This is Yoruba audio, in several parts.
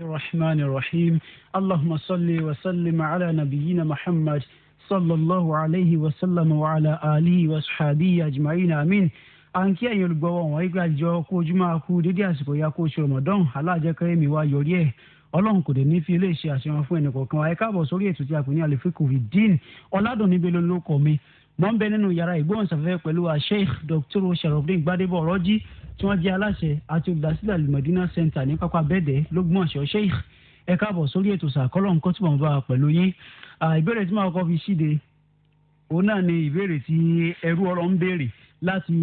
الرحمن الرحيم اللهم صل وسلم على نبينا محمد صلى الله عليه وسلم وعلى آله وصحبه أجمعين آمين à ń kí ẹ̀yin olùgbọ́wọ́ wọn yíká jọ kó ojúmọ́ akú dédé àsìkò ya kó oṣù Ramadan aláàjẹkẹ́ mi wá yọrí ẹ̀ ọlọ́run kò dé ní fi iléeṣẹ́ àṣeyàn fún ẹnì kọ̀ọ̀kan wa sórí ètò tí a pè ní àlèfikù fìdíìn ọ̀làdùn níbi ló mi wọ́n bẹ nínú yàrá ìgbóhùnsáfẹ́fẹ́ a sheikh dr sharafdin gbadebo ọ̀rọ́jì tí wọ́n jẹ́ aláṣẹ àti olùdásílẹ̀ alimọ̀dínà center ní pápá bẹ́ẹ̀dẹ̀ lọ́gbọ̀nsọ̀ sheikh ẹ káàbọ̀ sórí ètò sàkọ́lọ̀ nǹkan tí mo bá pẹ̀lú yín ìbéèrè tí màá kọ́ fi ṣíde òun náà ni ìbéèrè tí ẹrú ọ̀rọ̀ ń béèrè láti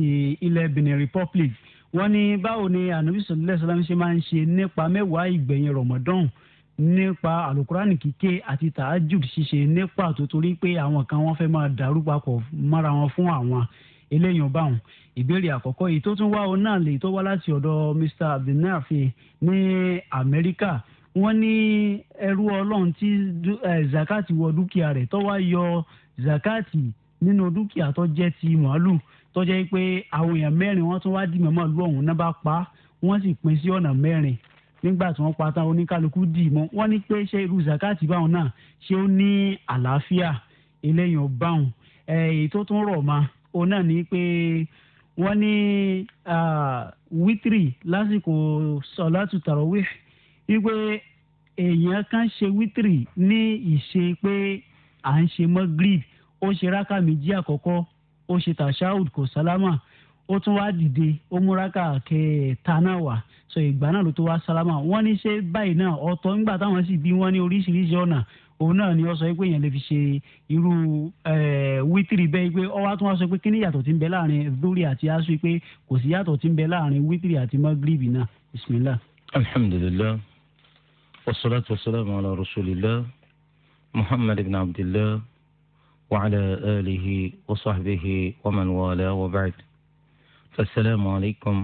ilẹ̀ Benin Republic wọ́n ní báwo ni ànábì sallallahu alaihi wasallam ṣe máa ń ṣe nípa mẹ́wàá ìgbẹ̀yìn Ramadan nípa alukurani kíké àti tahajud ṣíṣe ní pàtó torí pé àwọn kan wọ́n fẹ́ máa dàrú papọ̀ mọ́ra wọn fún àwọn eléyìí bá wọn ìbéèrè àkọ́kọ́ èyí tó tún wá òun náà lè tó wá láti ọ̀dọ̀ Mr abdulnafi ní Amẹ́ríkà wọ́n ní ẹrú Ọlọ́run tí zakati wọ dúkìá rẹ̀ tó yọ zakati nínú dúkìá tó jẹ́ ti màálù tó jẹ́ pé àwọn èèyàn mẹ́rin wọ́n tún wá dì mọ́ màálù ọ̀hún náà bá pa wọ́n sì pín sí ọ̀nà mẹ́rin nígbà tí wọ́n pata oníkálukú dì mọ́ wọ́n ní pé ṣé irú zakati báwọn náà ṣé ó ní àlàáfíà eléyìí ò báwọn èyí tó tún rọ̀ ma òun náà ní pé wọ́n ní wítìrì lásìkò sọ̀látù tarawih wípé èèyàn kan ṣe wítìrì ní ìṣe pé à ń ṣe mọ́ grid ó ṣe rákà méjì àkọ́kọ́ ó ṣe tàṣáùd kò sálámà ó tún wá dìde ó mú rákà kẹta náà so ìgbà náà ló tó wá sálámà wọ́n ní ṣé báyìí náà ọ̀tọ̀ ńgbà táwọn sì bí wọ́n ní oríṣiríṣi ọ̀nà òun náà ni ó sọ pé èèyàn lè fi ṣe irú eh, wítìrì bẹ́ẹ̀ pé ó tún wá sọ pé kí yàtọ̀ tí ń bẹ láàrin dórí àti aṣọ pé kò sí yàtọ̀ tí ń bẹ láàrin wítìrì àti mọ́gírìbì náà bisimilá. alhamdulilayi wasalaatu wasalaamu ala rasulillah muhammad ibn abdillah wa ala alihi wa sahbihi wa man wala wa ba'd. fasalaamu alaykum.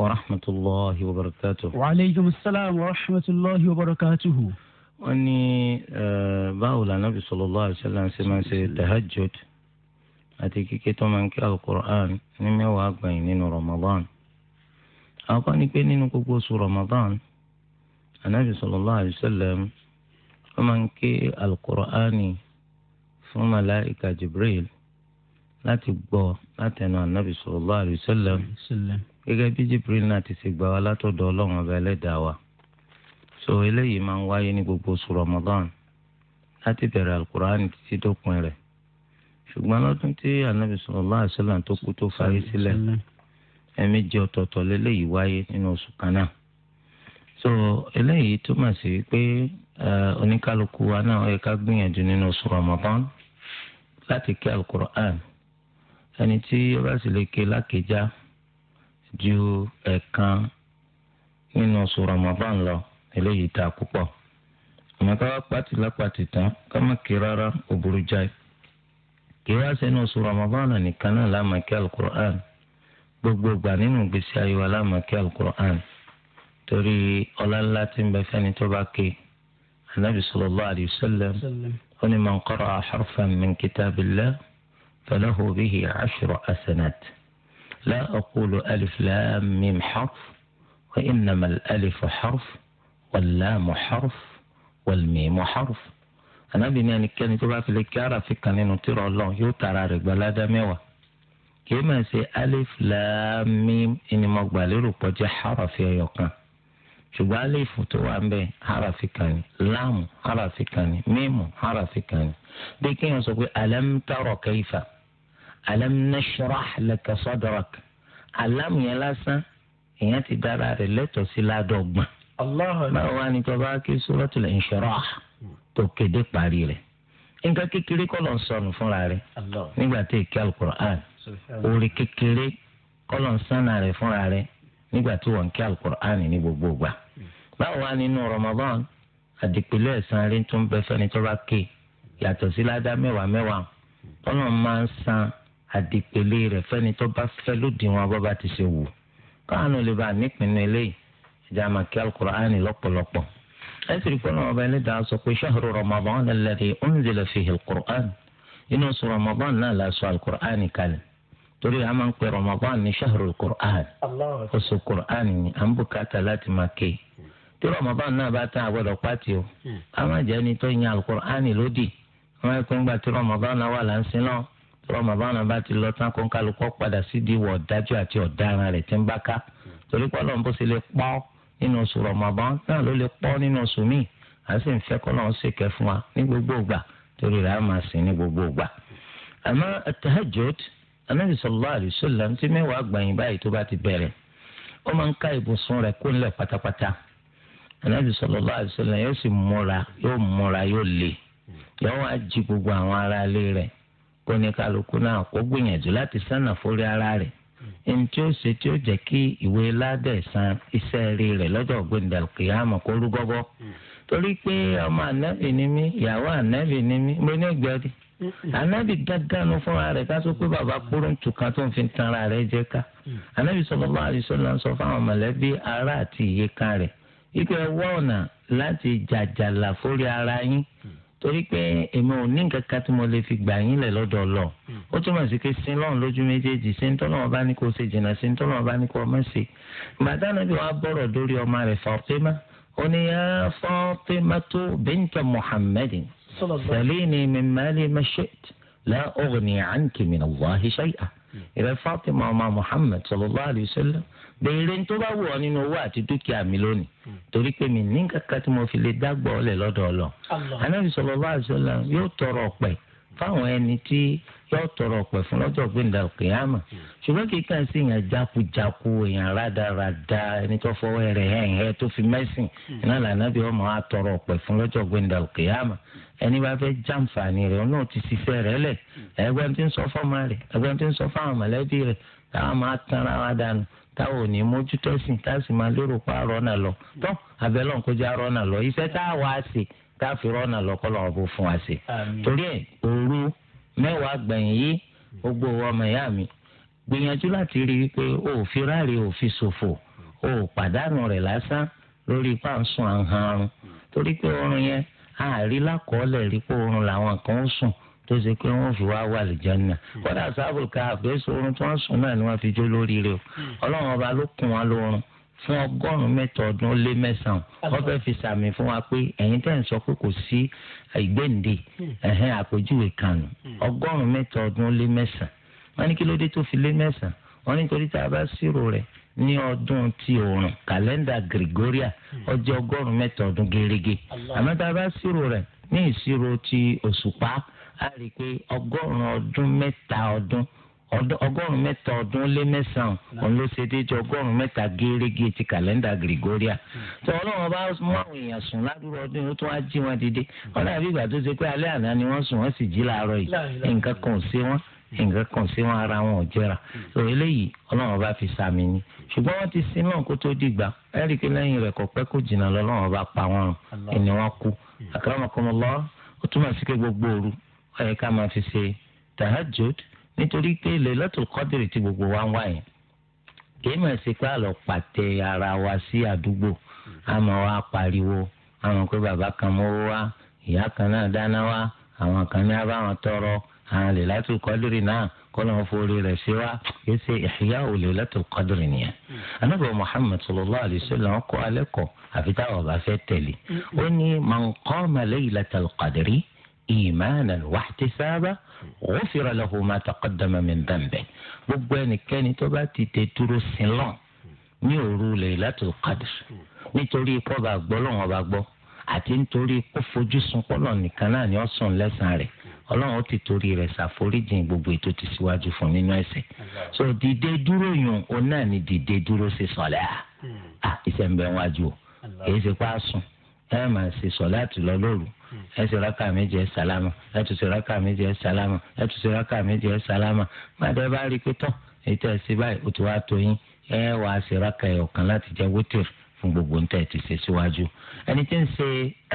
ورحمة الله وبركاته وعليكم السلام ورحمة الله وبركاته واني آه، باو النبي صلى الله عليه وسلم سمان سي تهجد اتي كي تومان كي القرآن نمي واقبين نينو رمضان اقاني كي نينو كبوسو رمضان النبي صلى الله عليه وسلم ومن كي القرآن ثم لائك جبريل لا تبقى لا تنو النبي صلى الله عليه وسلم gẹ́gẹ́ bí Jibril náà ti ṣe gbà wá látọ̀dọ̀ Ọlọ́run ọba Ẹlẹ́dàá wa so eléyìí máa ń wáyé ní gbogbo oṣù Ramadan láti bẹ̀rẹ̀ alukur'an títí dópin rẹ̀ ṣùgbọ́n lọ́dún tí anabi sallallahu alaihi wasallam tó kú tó fayé sílẹ̀ ẹ̀ẹ̀mejì ọ̀tọ̀ọ̀tọ̀ lélẹ́yìí wáyé nínú oṣù kan so eléyìí túmọ̀ sí pé oníkálukú wa náà yẹ ká gbìyànjú nínú oṣù Ramadan láti kí alukur'an ẹni tí ó bá sì lè ké lákèjá ju ẹ̀kan nínú oṣù Ramadan lọ eléyìí ta púpọ̀ ọmọ ká wá pàtì lápàtì tán ká má kí rárá ó burú jáì kí wá sínú oṣù Ramadan nìkan náà la máa kí alukur'an gbogbo ìgbà nínú ìgbésí ayé wa la máa kí alukur'an torí ọlá ńlá tí ń bẹ fẹ́ni tó bá ké anabi sallallahu alayhi wa sallam ó ní man qara'a harfan min kitabillah لا أقول ألف لام ميم حرف وإنما الألف حرف واللام حرف والميم حرف Ànábì ní ẹnikẹ́ni tó bá fi lè kí arafi kan nínú tírà Ọlọ́run yóò tara rẹ̀ gba ládá mẹ́wàá kìí máa ṣe alif laam mim ìnìmọ̀gbà lérò pọ̀ jẹ́ harafi ẹyọ kan ṣùgbọ́n alif tó wà ń bẹ harafi kan ni láàmù harafi kan ni mímù harafi kan ni bí kéèyàn sọ pé alam tara kayfa alam nashrah laka sadrak alam yẹn lásán èèyàn ti dára rẹ̀ lẹ́tọ̀ọ́ sí ládọ́gbọ̀n. báwo wá ní tọ́ba kí suratul inshirah tó kéde parí rẹ̀ nǹkan kékeré kọ́ ló ń sọnù fúnra rẹ̀ nígbà tí èké alukur'an orí kékeré kọ́ ló ń sánà rẹ̀ fúnra rẹ̀ nígbà tí wọ́n ń kí alukur'an ní gbogbo gbà. báwo wá nínú Ramadan àdìpẹ́lẹ́ ẹ̀sán rí tó ń bẹ fẹ́ni tọ́ba ké yàtọ̀ sí ládá mẹ́wàá mẹ́wàá ọlọ́run máa ń san àdìpẹ̀lẹ̀ rẹ̀ fẹ́ni tó bá fẹ́ lóde wọn bá bá ti ṣe wù káànù lè bá nípinnu eléyìí ìjà máa kí alukur'ani lọ́pọ̀lọpọ̀ ẹ sì rí pọ́nà ọba ẹni dáa sọ pé shahru ramadan alladhi unzila fihi alukur'an inú sọ ramadan náà la sọ alukur'ani kalẹ̀ torí a máa ń pè ramadan ní shahru alukur'an oṣù kur'an ni à ń bùkátà láti máa ké tí ramadan rọmọbáwọn bá ti lọ tán kó ń kálukọ padà sídìí wọ ọdájú àti ọ̀daràn rẹ̀ tí ń bá ká torí pé Ọlọ́run bó ṣe lè pọ̀ nínú oṣù rọmọbáwọn náà ló lè pọ̀ nínú oṣù míì à ń sì ń fẹ́ kọ lọrun ṣèkẹ fún wa ní gbogbo torí á máa sìn ní gbogbo àmọ́ anabi mẹ́wàá gbàyìn báyìí tó kó ní kálukú náà kó gbìyànjú láti sànà fórí ara rẹ̀ ẹni tí ó ṣe tí ó jẹ́ kí ìwé ládẹ̀ san iṣẹ́ rí rẹ̀ lọ́jọ́ ògbéǹda kìyàmọ̀ kó rú gọ́gọ́ torí pé ọmọ ànábì ni mí ìyàwó ànábì ni mí mo ní ìgbẹ́rì ànábì dáadáa fúnra rẹ̀ ká sọ pé bàbá kúrúǹtù kan tó ń fi tanra rẹ̀ jẹ́ ká ànábì sallallahu alaihi wasallam sọ fáwọn mọ̀lẹ́bí ará àti ìyèkan rẹ̀ ike wá láti jàjàlà fórí ara yín torí pé èmi ò ní nǹkan kan tí mo lè fi gbà yín lẹ̀ lọ́dọ̀ lọ hmm. ó túmọ̀ sí pé sin lọ́run lójú méjèèjì sin tọ́nà ọba ní kò ṣe jìnnà sin tọ́nà ọba ní kò ọmọ ṣe gbàdánù bí wàá bọ̀rọ̀ dórí ọmọ rẹ̀ Fatima ó ní yá Fatimatu binta Muhammadin salini min mali ma shi'ti la ughni anki min Allahi shay'a hmm. ìrẹ́ Fatima ọmọ Muhammad sallallahu alayhi béèrè ń tó bá wù ọ nínú owó àti dúkìá mi lónìí torí pé mi ní kankan tí mo fi lè dágbọ ọlẹ lọ́dọ̀ ọlọ anábì sọlọ bá yóò tọrọ ọpẹ fáwọn ẹni tí yóò tọrọ ọpẹ fún lọ́jọ́ gbẹndà kìyàmà ṣùgbọ́n kì í kàn sí èèyàn jákujáku èèyàn rádaràda ẹni tó sọ fọ́ọ̀mà rẹ̀ ẹgbẹ́ táwọn ò ní mójútó ẹ̀sìn tá a sì máa lérò pa rọ́nà lọ tó abẹ́lẹ̀ ń kọjá rọ́nà lọ iṣẹ́ tá a wá sí tá a fi rọ́nà lọ kọ́ lọ́wọ́ bó fún wa sí. torí ẹ̀ òru mẹ́wàá gbẹ̀yìn yìí gbogbo ọmọ ìyá mi gbìyànjú láti rí i pé o ò fi ráàlì ò fi ṣòfò o ò pàdánù rẹ̀ lásán lórí ipá ń sùn àhàn torí pé oorun yẹn àárí lákọọ́lẹ̀ rí pé oorun làwọn kan ń sùn tó ṣe pé wọ́n fi wá wà lìjánná hmm. kódà sábò ká àfẹsọ oorun tí wọ́n sùn náà ni wọ́n fi jó lóríire o hmm. ọlọ́run ọba ló kún wọn lórun fún ọgọ́rùn-ún mẹ́ta ọdún ó lé mẹ́sàn-án wọ́n fẹ́ fi sàmì fún wa pé ẹ̀yin tẹ̀ ń sọ pé kò sí ìgbéǹde hmm. ẹ̀hẹ́n àpèjúwe kànú ọgọ́rùn-ún ọdún lé mẹ́sàn-án ní kí ló tó fi lé mẹ́sàn-án wọ́n tá a bá ṣírò rẹ̀ ní ọdún ti òòrùn kàlẹ́ndà Gregorian ó ọgọ́rùn-ún mẹ́ta ọdún gẹ́rẹ́gẹ́ àmọ́ tá a bá ṣírò rẹ̀ ní ìṣirò ti òṣùpá a rí i pé ọgọ́rùn-ún ọdún mẹ́ta ọdún ọgọ́rùn-ún mẹ́ta ọdún lé mẹ́sàn-án òun ló ṣe déjọ ọgọ́rùn-ún mẹ́ta gẹ́gẹ́ ti kàlẹ́ndà Gregoria tó ọlọ́run bá mú àwọn èèyàn sùn ládùúgbò ọdún yìí ó tún wá jí wọn dìde wọn dàbí ìgbà tó ṣe pé alẹ́ àná ni wọ́n sùn wọ́n sì jí láàárọ̀ yìí nǹkan kan ò ṣe wọ́n nǹkan kan sí wọn ara wọn ò jẹra so eléyìí ọlọ́run ọba fi sàmì ni ṣùgbọ́n wọ́n ti sin náà kó tó dìgbà ẹ̀rí pé lẹ́yìn rẹ̀ kò pẹ́ kó jìnnà lọ́lọ́run ọba pa wọn rùn ẹni wọn kú àkàràmọ̀kọ́mọlọ́ ó túmọ̀ sí pé gbogbo òru ẹ̀ ká máa fi ṣe tahajud nítorí pé lailatul qadr tí gbogbo wa ń wá yẹn kì í mà ṣe pé àlọ́ pàtẹ ara wa sí àdúgbò àmọ́ wa pariwo àwọn pé bàbá kan mówó wá ìyá kan náà dáná wá àwọn kan ní abáwọn tọrọ àwọn lailatul qadr náà kọlọ́n forí rẹ̀ ṣe wá kì í ṣe ìhìyà lailatul qadr nìyẹn. anábì muhammed sallallahu alayhi wa sallam kọ́ alẹ́ kọ́ àfi táwọn bá fẹ́ tẹ̀lé mm-hmm. ó ní man qama ìmáàna wàhtísáábà غفر له ما تقدم من ذنبه. gbogbo ẹnikẹ́ni tó bá ti tẹ dúró sílọ̀n ní òru Laylatul Qadr nítorí ikọ́ bá gbọ́ lọ́wọ́ bá gbọ́ àti nítorí kó fojú sun pọ́lọ̀ nìkan náà ni ó sùn lẹ́sàn-án rẹ̀ ọlọ́run ó ti torí rẹ̀ ṣàforíjìn gbogbo ètò ti síwájú fún nínú ẹ̀ṣẹ̀ so dìde dúró yùn òun náà ni dìde dúró ṣe sọ̀lẹ́ à hmm. ah, iṣẹ́ ń bẹ wájú o kì ṣe pa sùn ẹ máa ṣe sọ̀lẹ́ àtìlọ́lọ́rùú ẹ ṣe rákà méjì ẹ sálámà ẹ tún ṣe rákà méjì ẹ sálámà ẹ tún ṣe rákà méjì ẹ sálámà gbàdé bá rí i pé tán èyí tẹ̀ báyìí ó ti wá tó yín ẹ wàá ṣe rákà ẹ̀ ọ̀kan láti jẹ́ wítìrì fún gbogbo ń ti ṣe síwájú ẹni tí ń ṣe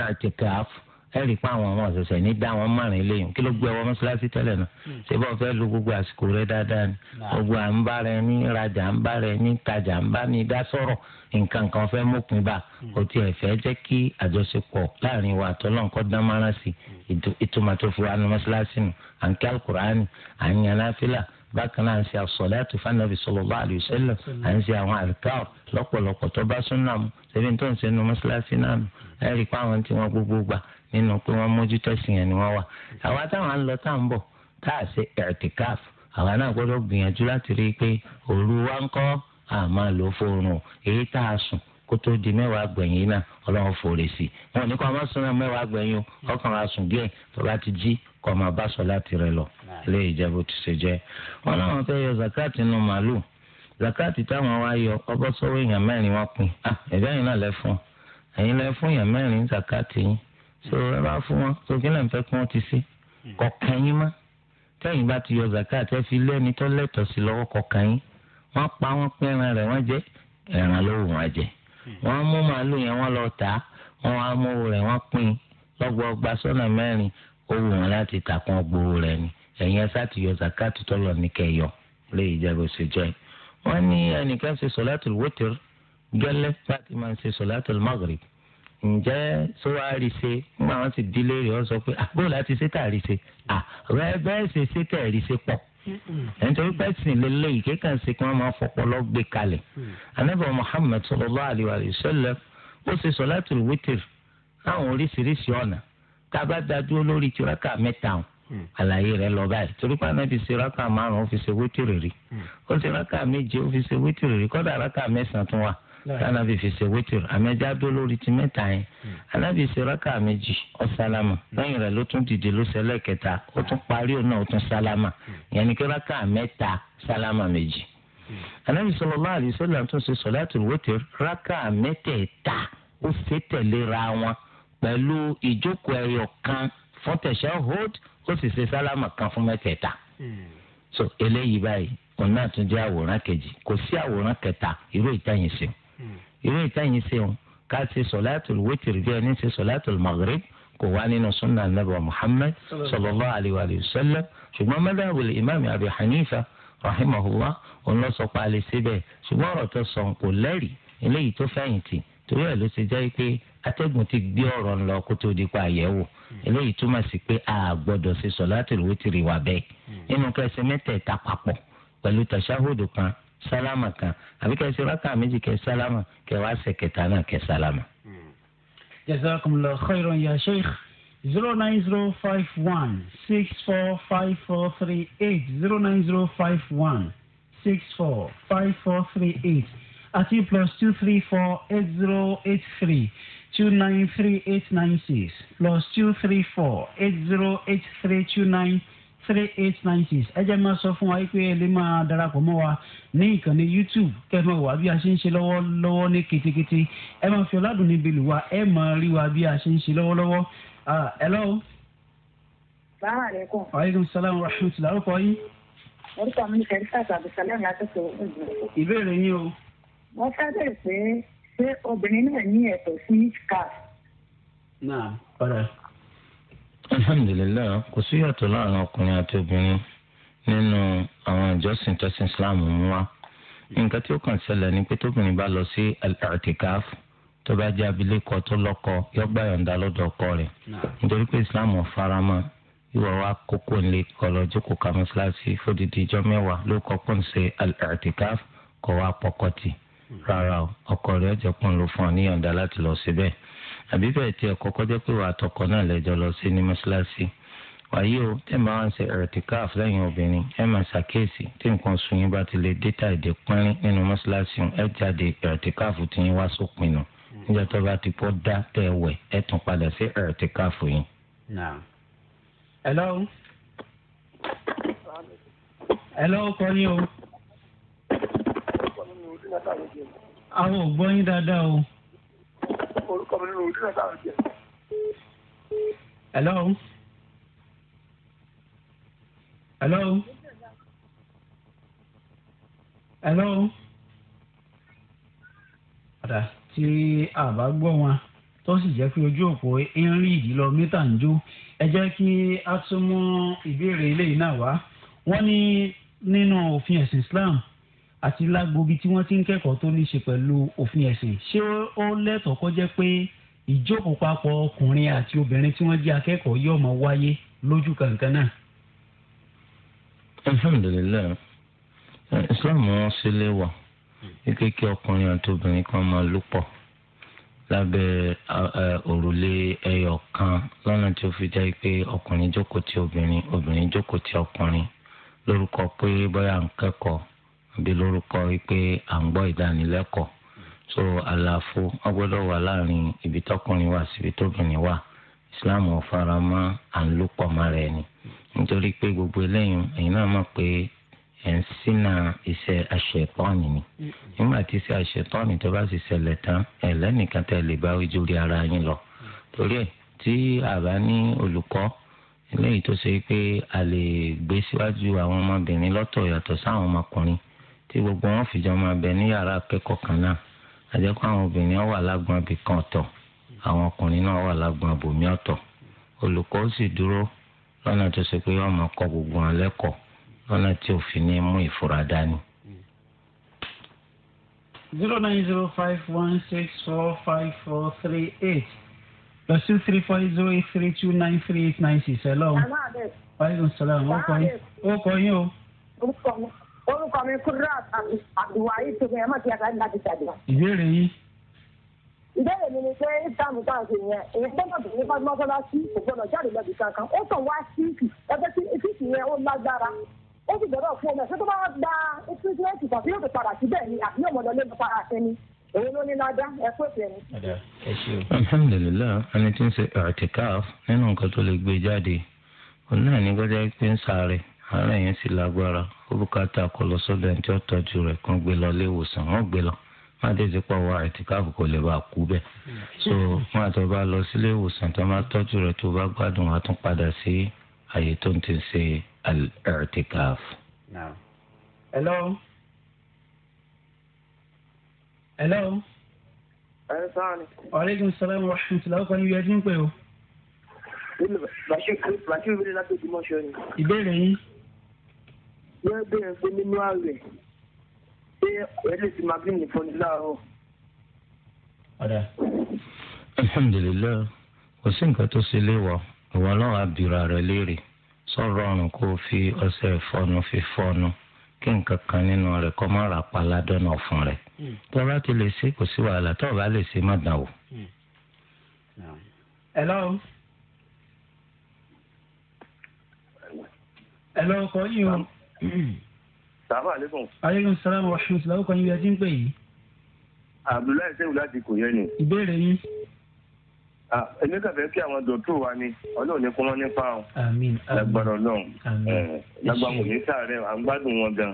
àtìkáàfù ẹ rí i pé àwọn ọmọ ọ̀sẹ̀sẹ̀ ní dá wọn márùn léyìn kí ló gbé ọwọ́ mọ́ṣáláṣí tẹ́lẹ̀ náà hmm. ṣé bọ́ọ̀ fẹ́ lu gbogbo àsìkò rẹ dáadáa ni gbogbo à ń bá rẹ ní rajà ń bá rẹ ní tajà ń bá ní dá sọ̀rọ̀ nǹkan kan fẹ́ mọ̀pin bá hmm. kò tiẹ̀ fẹ́ jẹ́ kí àjọṣepọ̀ láàrin wa àtọ́lọ́nkọ́ dán márùn sí ìtumọ̀ tó fi wà ní mọ́ṣáláṣí nù à ń kí alukur'ani à ń bákan náà ṣe àsọ̀láàtù fanabi sallallahu alaihi wasallam à ń ṣe àwọn àlùkáwọ̀ lọ́pọ̀lọpọ̀ tó bá súnà mu ṣẹbi tó ń ṣe nu mọ́ṣáláṣí náà nù ẹ rí i pé àwọn tí wọ́n gbogbo gbà nínú pé wọ́n mójútó ẹ̀sìn yẹn ni wọ́n wà àwa táwọn á lọ tá ń bọ̀ tá ṣe àwa náà gbìyànjú láti rí i pé òru wa ń kọ́ lò fóorùn èyí tá a sùn kó tó di mẹ́wàá gbẹ̀yìn náà ọlọ́run fòrè sí wọn ò ní kó ọmọ súnmọ́ mẹ́wàá gbẹ̀yìn ọkàn wa sùn díẹ̀ tó bá ti jí kó ọmọ bá sọ láti rẹ lọ ìjẹ́bù ti ṣe jẹ́ wọn náà fẹ́ yọ màálù so ẹ bá fún wọn so kí lẹ́yìn fẹ́ kí wọ́n ti sí hmm. kọ̀ọ̀kan yín mọ́ tẹ́yìn bá ti yọ zakat ẹ fi lẹ́ni tó lẹ́tọ̀ọ́ sí lọ́wọ́ kọ̀ọ̀kan yín wọ́n pa wọ́n pín ẹran rẹ̀ wọ́n jẹ ẹran ló wù wọ́n jẹ hmm. wọ́n mú màálù yẹn wọ́n lọ tà á wọ́n á mú owó rẹ̀ wọ́n pín lọ́gbọ̀ọ́gba sọ́nà mẹ́rin ó wù wọ́n láti tàkùn gbowó rẹ̀ ni ẹ̀yin ẹ sáà ti yọ zakat tọ́lọ̀ ní kẹyọ lè ìjẹ́bù sí jẹ́ ǹjẹ́ ṣé wàá rí ṣe nígbà wọn sì di léèrè ọ sọ pé ah, bóòlù láti ṣe tà rí ṣe ah, rẹ bẹ́ẹ̀ ṣe ṣe tẹ̀ rí ṣe pọ̀ nítorí pẹ́sìn lélẹ́yìí kékàn sí kí wọ́n máa fọpọlọ gbé kalẹ̀ anábọ̀ mm. Muhammad sallallahu alaihi wasallam ó ṣe sọ̀látùl wítìr láwọn oríṣiríṣi ọ̀nà tá a bá da dúró lórí tìrákà mẹ́ta hàn mm. àlàyé rẹ̀ lọ báyìí torí pé anábì ṣe rákà márùn-ún ó fi ṣe wítìrì rí mm. ó ṣe rákà méje ó fi ṣe wítìrì rí kọ́dà rákà mẹ́sàn-án tún wà tànàbì fi ṣe wétìrì àmẹjá dó lórí ti mẹ́ta yẹn hmm. ànàbì ṣe rákà méjì ó sálámà hmm. lẹ́yìn rẹ̀ ló tún dìde ló ṣe lẹ́ẹ̀kẹta ó tún parí òun náà ó tún sálámà hmm. ìyẹn ni kí rákà mẹ́ta sálámà méjì ànàbì sallallahu alaihi wasallam tún ṣe sọ̀láàtì wétìrì rákà mẹ́tẹ̀ẹ̀ta ó ṣe tẹ̀léra wọn pẹ̀lú ìjókòó ẹyọ kan fún tashahhud ó sì ṣe sálámà kan fún mẹ́tẹ̀ẹ̀ta so eléyìí báyìí òun náà tún jẹ́ àwòrán kejì kò sí àwòrán kẹta irú ìtẹ̀yìn sí irú ìtẹ̀yìn ṣe wọn ká ṣe sọ̀láàtùl wítìrì bí ẹni ṣe sọ̀láàtùl maghrib kò wá nínú sunna anabi muhammed sallallahu alayhi wa sallam ṣùgbọ́n madhabu imaami abi hanifa rahimahullah òun lọ sọ pé a lè ṣe bẹ́ẹ̀ ṣùgbọ́n ọ̀rọ̀ tó sọ kò lẹ́rìí eléyìí tó fẹ̀yìntì torí ẹ̀ ló ṣe jẹ́ pé atẹ́gùn ti gbé ọ̀rọ̀ lọ kó tó di pa àyẹ̀wò eléyìí túmọ̀ sí pé a gbọ́dọ̀ ṣe sọ̀láàtùl wítìrì wà bẹ́ẹ̀ nínú kẹsì mẹ́tẹ̀ẹ̀ta papọ̀ pẹ̀lú tàṣáhùdù kan sálámà kan àbí kẹsì rákà méjì kẹ sálámà kẹ wá ṣe kẹta náà kẹ sálámà. Hmm. jazakumullahu khairan ya sheikh zero nine zero five one six four five four three eight zero nine zero five one six four five four three eight àti plus two three four eight zero eight three two nine three eight nine six plus two three four eight zero eight three two nine three eight nine six ẹ jẹ́ máa sọ fún wa pé ẹ lè máa darapọ̀ mọ́ wa ní ìkànnì youtube kẹ́ ẹ máa wà bí a ṣe ń ṣe lọ́wọ́lọ́wọ́ ní ketekete ẹ máa fi ọ̀làdùn níbi lù wá ẹ máa rí wa bí a ṣe ń ṣe lọ́wọ́lọ́wọ́ hello. salaamaleykum. aleykum salaam wa rahmatulah orúkọ yín. orúkọ mi ni kẹ́rìsàtà abdulsalam látọ̀tọ̀ ogun. ìbéèrè yín o. wọ́n fẹ́ bẹ̀rẹ̀ pé ṣé obìnrin náà ní ẹ̀tọ́ sí ká. náà padà alhamdulilayi kò sí yàtọ̀ láàrin ọkùnrin àti obìnrin nínú àwọn ìjọsìn tẹ̀sìn islam mú wa nǹkan tí ó kàn ṣẹlẹ̀ ni pé tóbìnrin bá lọ sí al-i'tikaf tó bá jẹ́ abilékọ tó lọ́kọ yó gba yọ̀ǹda lọ́dọ̀ ọkọ rẹ̀ nítorí pé islam ò faramọ́ ìwọ wa kókó ńlẹ kọlọ jókòó ka mọ́ṣáláṣí fódìdí ijọ́ mẹ́wàá ló kọ́kọ́ ń ṣe al-i'tikaf kọ́ wa pọ̀kọ́tì rárá ọkọ rẹ̀ ọ̀jẹ̀ pọ̀ ló fún ọ níyọ̀ǹda láti lọ síbẹ̀ àbí bẹ́ẹ̀ tí ọkọ kọjá pé wàá tọkọ náà lẹ́jọ́ lọ sí ní mọ́ṣáláṣí wàyí o tẹ́ máa ń ṣe ẹ̀rẹ̀tìkáàf lẹ́yìn obìnrin ẹ máa ṣàkíyèsí tí nǹkan sùn yín bá ti lè déta èdè pínrín nínú mọ́ṣáláṣí ẹ jáde ẹ̀rẹ̀tìkáàf tí yín wá sópin nù níjọ tó bá ti pọ́ dá tẹ́ wẹ̀ ẹ tún padà sí ẹ̀rẹ̀tìkáàf yín. hello hello kọ́ ni o àwọn ò gbọ́ yín dáadáa o orúkọ mi nínú òdìrẹ́ táwọn jẹ. hello. hello. hello. padà tí a bá gbọ́ wọn tó sì jẹ́ pé ojú òpó ẹ̀ńrì ìdílọ mítà ń jó ẹ jẹ́ kí a tún mú ìbéèrè eléyìí náà wá wọ́n ní nínú òfin ẹ̀sìn Islam àti lágbóbi tí wọ́n ti ń kẹ́kọ̀ọ́ tó ní ṣe pẹ̀lú òfin ẹ̀sìn ṣé ó lẹ́tọ̀ọ́ kó jẹ́ pé ìjókòó papọ̀ ọkùnrin àti obìnrin tí wọ́n jẹ́ akẹ́kọ̀ọ́ yóò máa wáyé lójú kankan náà. alhamdulilayi islam wọn ṣe léwà kékeré ọkùnrin àti obìnrin kan máa lò pọ̀ lábẹ́ òrùlé ẹyọ kan lọ́nà tí ó fi jẹ́ pé ọkùnrin jókòó ti obìnrin obìnrin jókòó ti ọkùnrin lórúkọ pé bóyá ń bí lórúkọ wípé à ń gbọ́ ìdánilẹ́kọ̀ọ́ so àlàfo wọn gbọ́dọ̀ wà láàrin ibi tọkùnrin wà síbi tóbìnrin wà islam ò fara mọ́ à ń lò pọ̀ mọ́ra ẹni nítorí pé gbogbo eléyìí ẹ̀yin náà mọ̀ pé ẹ̀ ń sínà iṣẹ́ àṣetọ́ọ̀nì ni nígbà tí iṣẹ́ àṣetọ́ọ̀nì tó bá sì ṣẹlẹ̀ tán ẹ̀ lẹ́nìkan tẹ̀ lè bá ojú rí ara yín lọ torí ẹ̀ tí àbá ní olùkọ́ eléyìí tó ṣe pé a lè gbé síwájú àwọn ọmọbìnrin lọ́tọ̀ yàtọ̀ sáwọn ọmọkùnrin tí gbogbo wọn fìjọ máa bẹ ní yàrá akẹ́kọ̀ọ́ kan náà àjẹkọ́ àwọn obìnrin wà lágbọ́n abì kan ọ̀tọ̀ àwọn ọkùnrin náà wà lágbọ́n abòmí ọ̀tọ̀ olùkọ́ sì dúró lọ́nà tó ṣe pé wọ́n máa kọ́ gbogbo wọn lẹ́kọ̀ọ́ lọ́nà tí òfin ní mú ìfura dání. zero nine zero five one six four five four three eight plus two three four zero eight three two nine three eight nine six hello. wàhálà bẹ́ẹ̀. wàhálà bẹ́ẹ̀. wọ́n yín o àmì kúndúrà àdùwáyé tóbi ẹ̀ má ti àgbà ńlá ti ṣàdùwà. ìbéèrè yìí. ìbéèrè mi ni pé ìtààmù tá à yẹn èyí tó ní mọ́sálásí kò gbọ́dọ̀ jáde lọ́bi kankan ó kàn wá sí ẹgbẹ́ tí ìfíìsì yẹn ó lágbára ó sì gbọ́dọ̀ fún omi ẹ̀ṣẹ́ tó bá gba ìfíìsì tàbí yóò padà síbẹ̀ ni àbí ọmọdé ló para ẹni òun ló ní ládá ẹ pé pẹ̀lú. alhamdulilayi ẹni tí ń ṣe àtìkáf nínú nǹkan tó lè gbé jáde òun náà ní gbọ́dọ̀ pé ń sáré àárẹ̀ yẹn sì lágbára olùkàtà kò lọ sọ́dọ̀ ẹni tí ó tọ́jú rẹ̀ kàn gbé lọ ilé ìwòsàn wọ́n gbé lọ má tètè pọ̀ wá ẹ̀tìkáàfù kò lè bá kú bẹ́ẹ̀ so fún àtọ́ba lọ sílé ìwòsàn tó máa tọ́jú rẹ̀ tó bá gbádùn wá tún padà sí àyè tó ń ti ṣe ẹ̀tìkáàfù. hello. hello. ẹ sáà ni. aleykum salaam wa rahmatulah ọkọ ni yẹjú ń pè o. bàṣẹ́ bàṣẹ́ ìbéèrè láti ìdímọ̀ṣọ́ ni. ìbéèrè yín wọ́n bẹ̀rẹ̀ pé nínú ààrẹ pé ẹ̀rẹ́ ti máa bímọ fún un láàárọ̀. alhamdulilayi kò sí nǹkan tó ṣe léwọ ìwọ náà abìrà rẹ léèrè sọ̀rọ̀ ọ̀run kó o fi ọṣẹ ìfọnu fi fọnu kí nǹkan kan nínú rẹ kọ́ má ra paládọ́nà ọ̀fun rẹ hmm. tó o bá ti lè ṣe kò sí wàhálà tó o bá lè ṣe má dàn o. Hmm. hello. hello kò yín o sàmà àlékún. aleykum salaam wa rahmatulah ọkọ yín bí a ti ń pè yìí. abdullahi sẹ́wù láti kò yẹn ni. ìbéèrè yín. èmi kàfẹ́ kí àwọn dòtú wa ni ọlọ́run ní kún nípa ọ. àmín lágbára ọlọ́run lágbára òní sáré à ń gbádùn wọn gan.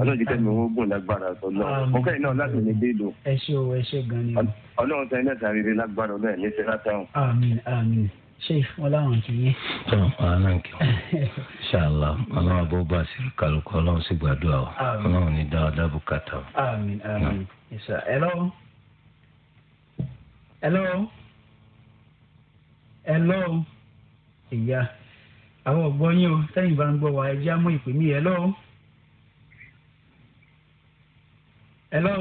ọlọ́run ti kẹ́mi owó gùn lágbára ọlọ́run mo kẹ́yìn láti ní déédò. ẹ ṣé o ẹ ṣé gan ni. ọlọ́run tẹ́ ẹ náà sáré lágbára ọlọ́run ẹ̀ ní sẹ́rátáwọn. sheikh ọlọ́run kì í. ọlọ́run kì í ṣàlá ọlọ́run abọba sírí kálukú ọlọ́run sì gbàdúrà wa ọlọ́run ní dáadáa bùkátà. àmín àmín ìṣà hello hello hello ìyá àwọn ọ̀gbọ́n yín o tẹ́yìn bá ń gbọ́ wa ìpè mí hello hello.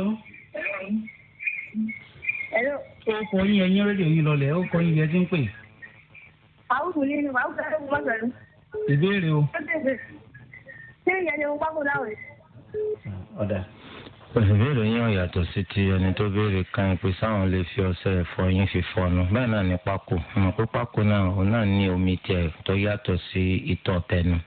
hello. ó kọ yín ẹyin rédíò yín lọlẹ̀ ó wàhùn ní wàhùn fẹ́rẹ́ mú mọ́sàn-án. ìbéèrè o. ṣé ìyẹn ni mo bá kó láwẹ̀. ọ̀dà olùbéèrè yín ọ̀yàtọ̀ sí ti ẹni tó béèrè kan pé sáwọn lè fi ọṣẹ ẹ̀fọ́ yín fi fọnu bẹ́ẹ̀ náà ní pákó àmọ́ pé pákó náà òun náà ní omi tiẹ̀ tó yàtọ̀ sí ìtọ̀ tẹnu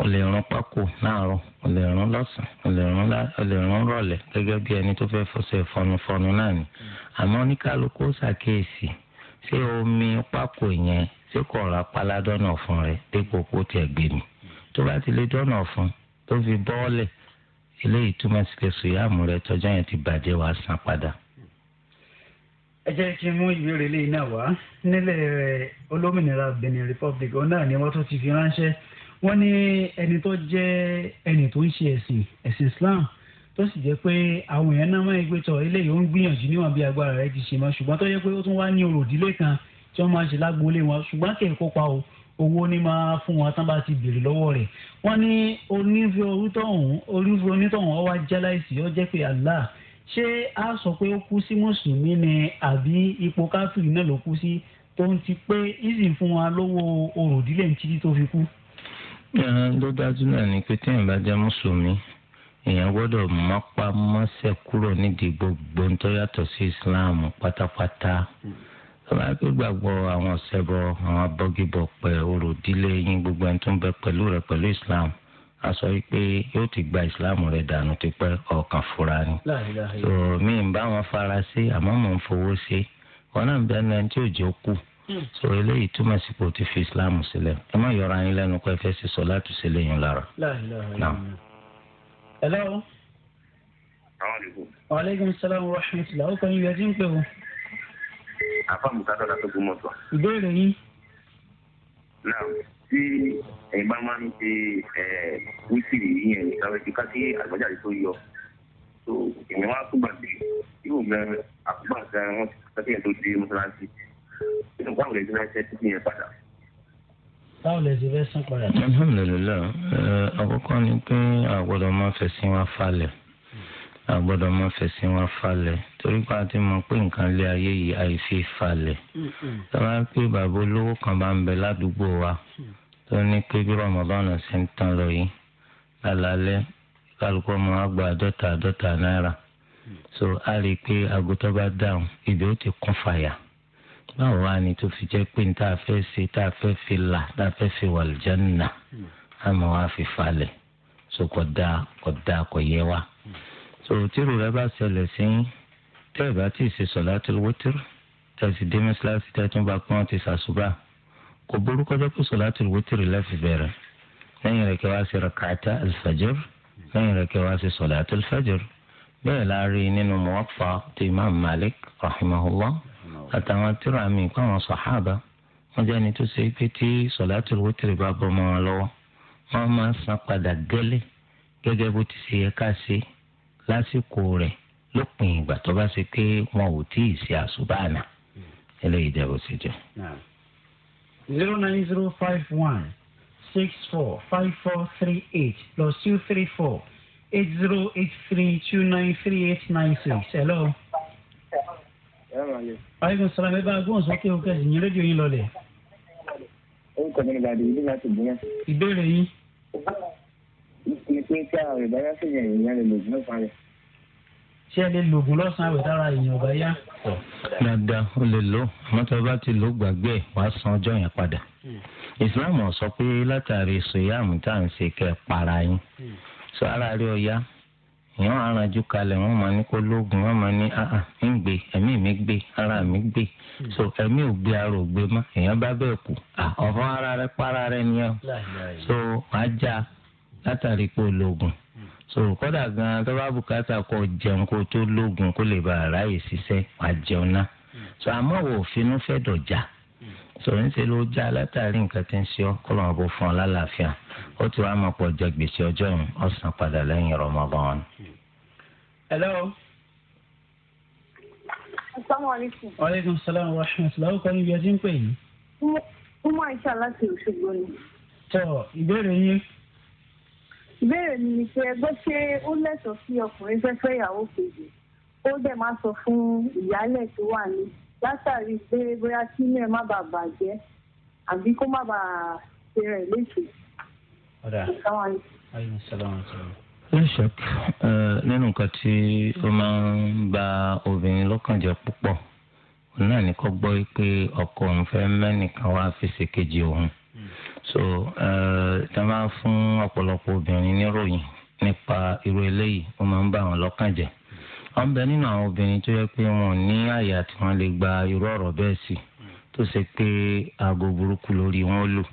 o lè rán pákó láàárọ̀ o lè rán lọ́sàn-án o lè rán rọ̀lẹ́ gẹ́gẹ́ bí ẹni tó fẹ́ fọṣẹ fọnu fọnu náà ni àmọ́ oníkálukú ṣàkíyèsí ṣé omi pákó yẹn tí kò ra pálá dọ́nà ọ̀fun rẹ̀ dípò kó tiẹ̀ gbé mi tó bá ti lè dọ́nà ọ̀fun tó fi bọ́ọ̀lẹ̀ eléyìí túmọ̀ sí pé sùyàmù rẹ̀ tọ́jọ́ yẹn ti bàjẹ́ wàá san padà. ẹ jẹ́ kí n mú ìbéèrè lẹ́yìn náà wá nílẹ̀ olómìnira Benin Republic òun náà ni wọ́n tún ti fi ránṣẹ́ wọ́n ní ẹni tó jẹ́ ẹni tó ń ṣe ẹ̀sìn ẹ̀sìn Islam tó sì jẹ́ pé àwọn èèyàn náà máa ń gbé tọ̀ eléyìí ó ń gbìyànjú níwọ̀n bí agbára rẹ̀ ti ṣe mọ́ ṣùgbọ́n tó yẹ pé ó tún wá ní oròdílé kan tí wọ́n máa ń ṣe lágboolé wọn ṣùgbọ́n kì í kópa o owó ni máa fún wọn tán bá ti béèrè lọ́wọ́ rẹ̀ wọ́n ní onífẹ́ onítọ̀hún onífẹ́ onítọ̀hún ọwọ́ ajáláìsí ó pé Allah ṣé a sọ pé ó kú sí mùsùlùmí ni àbí ipò káfíìrì náà ló kú sí tó ń ti pé ìsìn fún wa lówó orò dílé ní títí tó fi kú. ló dájú náà ni pé téèyàn bá jẹ́ mùsùlùmí èèyàn gbọ́dọ̀ mọ́pá mọ́sẹ̀ kúrò nídìí gbogbo ń tó yàtọ̀ sí Islam pátápátá. Mm tọ́lá pé gbàgbọ́ àwọn ọ̀sẹ̀bọ àwọn abọ́gibọ̀ pẹ̀ orò dílé yín gbogbo ẹni tó ń bẹ pẹ̀lú rẹ pẹ̀lú islam a sọ pé yóò ti gba islam rẹ dànù ti pẹ́ ọ̀kan fura ni. tó mi ń bá wọn fara sí àmọ́ mò ń fowó sí wọn náà ń bẹ ẹni tí ò jẹ́ kú hmm. eléyìí túmọ̀ sí pé o ti fi islam sílẹ̀ ẹ má yọra yín lẹ́nu pé ẹ fẹ́ sísọ láti ṣe léyìn lára. hello. aleykum salaam wa rahmatulah o kàn yín yẹn ti ń pè wọ́n àfàmùsádọ́ láti gbọmọ sọ. ìbéèrè yín. náà tí ẹ̀yin bá máa ń ṣe wíṣìrì yíyẹn ìtàwé ti ká sí àgbàjáde tó yọ tó èmi wá tó gbàgbé yóò gbẹ àkùbà gan wọn kẹsíyẹn tó di mọ́ṣáláṣí nínú báwo lè ṣe máa ṣe títí yẹn padà. báwo lè ṣe fẹ́ sún padà. alhamdulilayi àkọ́kọ́ ni pé àgbọ̀dọ̀ máa fẹ̀sìn wa falẹ̀ a gbọ́dọ̀ má fẹsẹ̀ wọn falẹ̀ torí pé a ti mọ̀ pé nǹkan lé ayé yìí àìfi falẹ̀ tọ́lá pé bàbá olówó kan bá ń bẹ ládùúgbò wa tó ní pé bí rọmọbọ́nà ṣe ń tán lọ yìí lálálẹ́ kálukú ọmọ wa gba àádọ́ta náírà so a rí i pé agutọ́ bá dáhùn ìdè ó ti kún fàyà báwo wá ni tó fi jẹ́ pé ní fẹ́ ṣe tá a fẹ́ fi là tá a fẹ́ fi wàlùjá nà á mọ̀ wá fi falẹ̀ so kò dáa kò dáa kò yẹ wa sòròtìrò rẹ bá ṣẹlẹ̀ sí tẹ́ ẹ̀ bá tí ì ṣe sọ̀látul wítìrì tẹ̀sí dé mẹ́sàlásì tẹ́tún bá pọ́n ti ṣàṣùbà kò burúkú jẹ́ pé sọ̀látul wítìrì lẹ́fì bẹ̀rẹ̀ lẹ́yìn rẹ̀ kẹ́ wá sí rakata alfajr lẹ́yìn rẹ̀ kẹ́ wá sí sọ̀látul fajr bẹ́ẹ̀ la rí nínú muwafa ti imam malik rahimahullah àtàwọn tírà mi kó àwọn wọ́n jẹ́ ni tó ṣe pé tí lásìkò rẹ̀ lópin ìgbà tó bá ṣe pé wọn ò tí ì ṣe àṣùbànà eléyìí jẹ́ bó ṣe jẹ́. zero nine zero five one six four five four three eight plus two three four eight zero eight three two nine three eight nine six. hello. aleykum salaam ẹ agbóhùn sókè òkè ìyìn rédíò yín lọlẹ̀. ìbéèrè yín ni pé tí àwọn ìgbà yá sí yẹn ìyẹn lè lògùn lọ́sàn-án rẹ̀. ṣé ẹ lè lògùn lọ́sàn-án rẹ̀ dára èèyàn ọ̀gá yá. dáadáa o lè lò mọ́tò bá ti lò gbàgbé ẹ̀ wàá san ọjọ́ yẹn padà. Hmm. ìsìláàmù sọ pé látàrí sòyàmù tá à ń ṣe kẹ́ para yín. Hmm. sọ ara rí ọ̀yá èèyàn kalẹ̀ wọ́n máa ní kó lóògùn wọ́n máa ní àà ah, ah, ń gbé ẹ̀mí mi gbé ara mi gbé hmm. so ẹ̀mí ò gbé ara ò gbé mọ́ èèyàn bá bẹ́ẹ̀ kú ah, ọ̀fọ̀ ara rẹ para rẹ nìyẹn so wàá já látàrí pé o lóògùn so kódà gan tó bá bùkátà kó jẹun kó tó lóògùn kó lè bá ráàyè ṣiṣẹ́ wà jẹun náà so àmọ́ wò finú fẹ́ dọ̀jà so ń ṣe ló já látàrí nǹkan tí ń ṣe ọ́ kó lọ́n bó fún ọ lálàáfíà ó ti wá mọ̀ pọ̀ jẹ gbèsè ọjọ́ yìí ó padà lẹ́yìn Ramadan. hello. asalaamualeykum. waaleykum salaam wa rahmatulah ó kọ́ níbi ẹtí ń pè yín. mo mọ iṣẹ́ aláṣẹ Òṣogbo ni. tọ́ ìbéèrè yín ìbéèrè mi ni pé ẹgbẹ́ ṣé ó lẹ́tọ̀ọ́ sí ọkùnrin fẹ́ fẹ́ ìyàwó kejì ó dẹ̀ máa sọ fún ìyálẹ̀ tó wà ní látàrí pé bóyá kí inú ẹ̀ má bàa bàjẹ́ àbí kó má bàa ṣe rẹ̀ léṣe. nínú nǹkan tí ó máa ń ba obìnrin lọ́kàn jẹ́ púpọ̀ náà ni kó gbọ́ pé ọkọ òun fẹ́ mẹ́nìkan wá fi ṣèkejì òun. Hmm. so eh, tí wọ́n bá ń fún ọ̀pọ̀lọpọ̀ obìnrin níròyìn nípa irú eléyìí ó máa ń bà wọ́n lọ́kàn jẹ́ wọ́n bẹ nínú àwọn obìnrin tó yẹ pé wọn ò gba irú ọ̀rọ̀ bẹ́ẹ̀ sí tó ṣe pé aago burúkú lórí wọn lò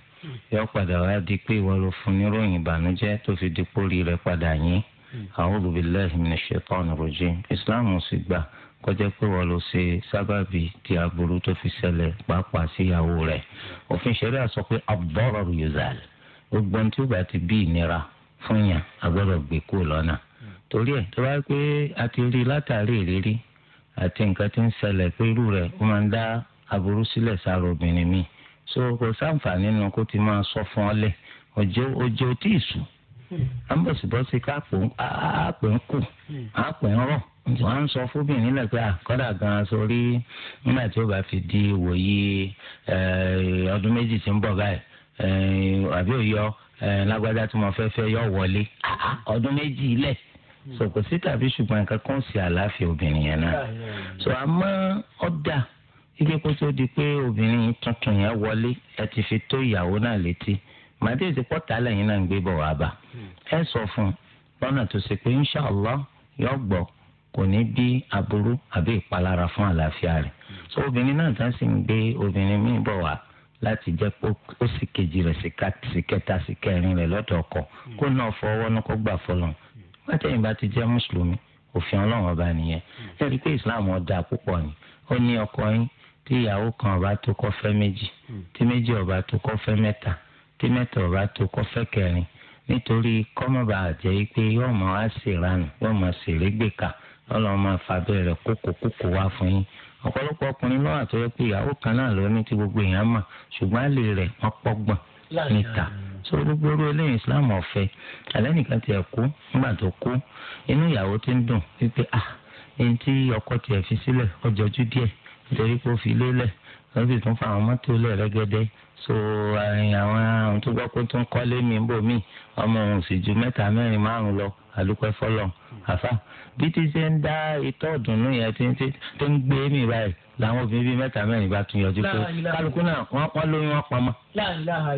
padà wá di pé ìwọ ló fún níròyìn tó fi di pórí padà yín islam sì kọjá pé wọ́n lọ ṣe sábàbí tí aburú tó fi ṣẹlẹ̀ pàápàá síyàwó rẹ̀ òfin ṣẹlẹ̀ sọ pé abọ́rọ̀ yuzal gbogbo ohun tí ó bá ti bí ìnira fún yàn agbọ́dọ̀ gbé kú lọ́nà torí ẹ̀ tó bá pé a ti rí látàrí ìrírí àti nǹkan tí ń ṣẹlẹ̀ pé irú rẹ̀ ó máa ń dá aburú sílẹ̀ sára obìnrin mi so kò sáǹfààní nínú kó ti máa sọ fún ọ lẹ̀ ọjọ́ ọjọ́ tí ì sùn àmọ́ sì ká pè ń kù àpè ń rọ̀ wọ́n ń sọ fúnbìnrin náà pé àkọ́dà gan sórí nígbà tí ó bá fi di wòye ọdún méjì tí ń bọ̀ báyìí àbí òyọ lágbájá tí mo fẹ́ fẹ́ yọ wọlé ọdún méjì lẹ̀ so kò sí ṣùgbọ́n nǹkan kan sí àlàáfíà obìnrin yẹn náà so àmọ́ ọ̀dà ike kó tó di pé obìnrin tuntun yẹn wọlé ẹ ti fi tó ìyàwó náà létí màdé ti pọ́tà lẹ́yìn náà ń gbé bọ̀ wá bá ẹ sọ fún un lọ́nà tó ṣe pé inṣàlá yọ gbọ́ kò ní bí aburú àbí ìpalára fún àlàáfíà rẹ̀ so obìnrin náà tán sì ń gbé obìnrin míì bọ̀ wá láti jẹ́ pé ó sì kejì rẹ̀ sì kẹta sì kẹrin rẹ̀ lọ́dọ̀ ọkọ hmm. kó náà fọwọ́ náà kó gbà fọlọ́n látẹ̀yìn hmm. bá ti jẹ́ mùsùlùmí òfin ọlọ́run ọba nìyẹn hmm. ẹ rí i pé islam ọ̀dà púpọ̀ ni ó ní ọkọ yín tí ìyàwó kan ọba tó kọ́ fẹ́ méjì tí méjì ọba tó kọ́ fẹ́ mẹ́ta tí mẹ́ta ọba tó kọ́ fẹ́ kẹrin nítorí kọ́mọba àjẹ́ pé yóò máa ṣèrànù yóò máa ṣèrégbèkà ọlọ́run máa fàbẹ́ rẹ̀ kókò kókò wá fún yín ọ̀pọ̀lọpọ̀ ọkùnrin náà àti ọ̀rẹ́ pé ìyàwó kan náà ló ní tí gbogbo èèyàn mà ṣùgbọ́n àlè rẹ̀ wọ́n pọ́gbọ̀n níta so gbogbo orú eléyìí Islam ọ̀fẹ́ alẹ́ nìkan tiẹ̀ kú nígbà tó kú inú ìyàwó ti ń dùn wípé ah ẹni tí ọkọ tiẹ̀ fi sílẹ̀ ọjọ́ ojú díẹ̀ nítorí pé ó fi lélẹ̀ wọ́n sì tún fa àwọn mọ́tò lẹ̀ rẹ́gẹ́dẹ́ so àwọn tó gbọ́ pé tó ń kọ́lé mi ń bò mí ọmọ òun sì ju mẹ́ta mẹ́rin márùn lọ àlùkò fọlọ àfa bí ti ṣe ń dá itọ́ ọ̀dùnnú yẹn ti ń tó ń gbé mi báyìí làwọn obìnrin bíi mẹ́ta mẹ́rin bá tún yọjú pé kálukú náà wọ́n pọ́n lóyún wọn pamọ́. Ah,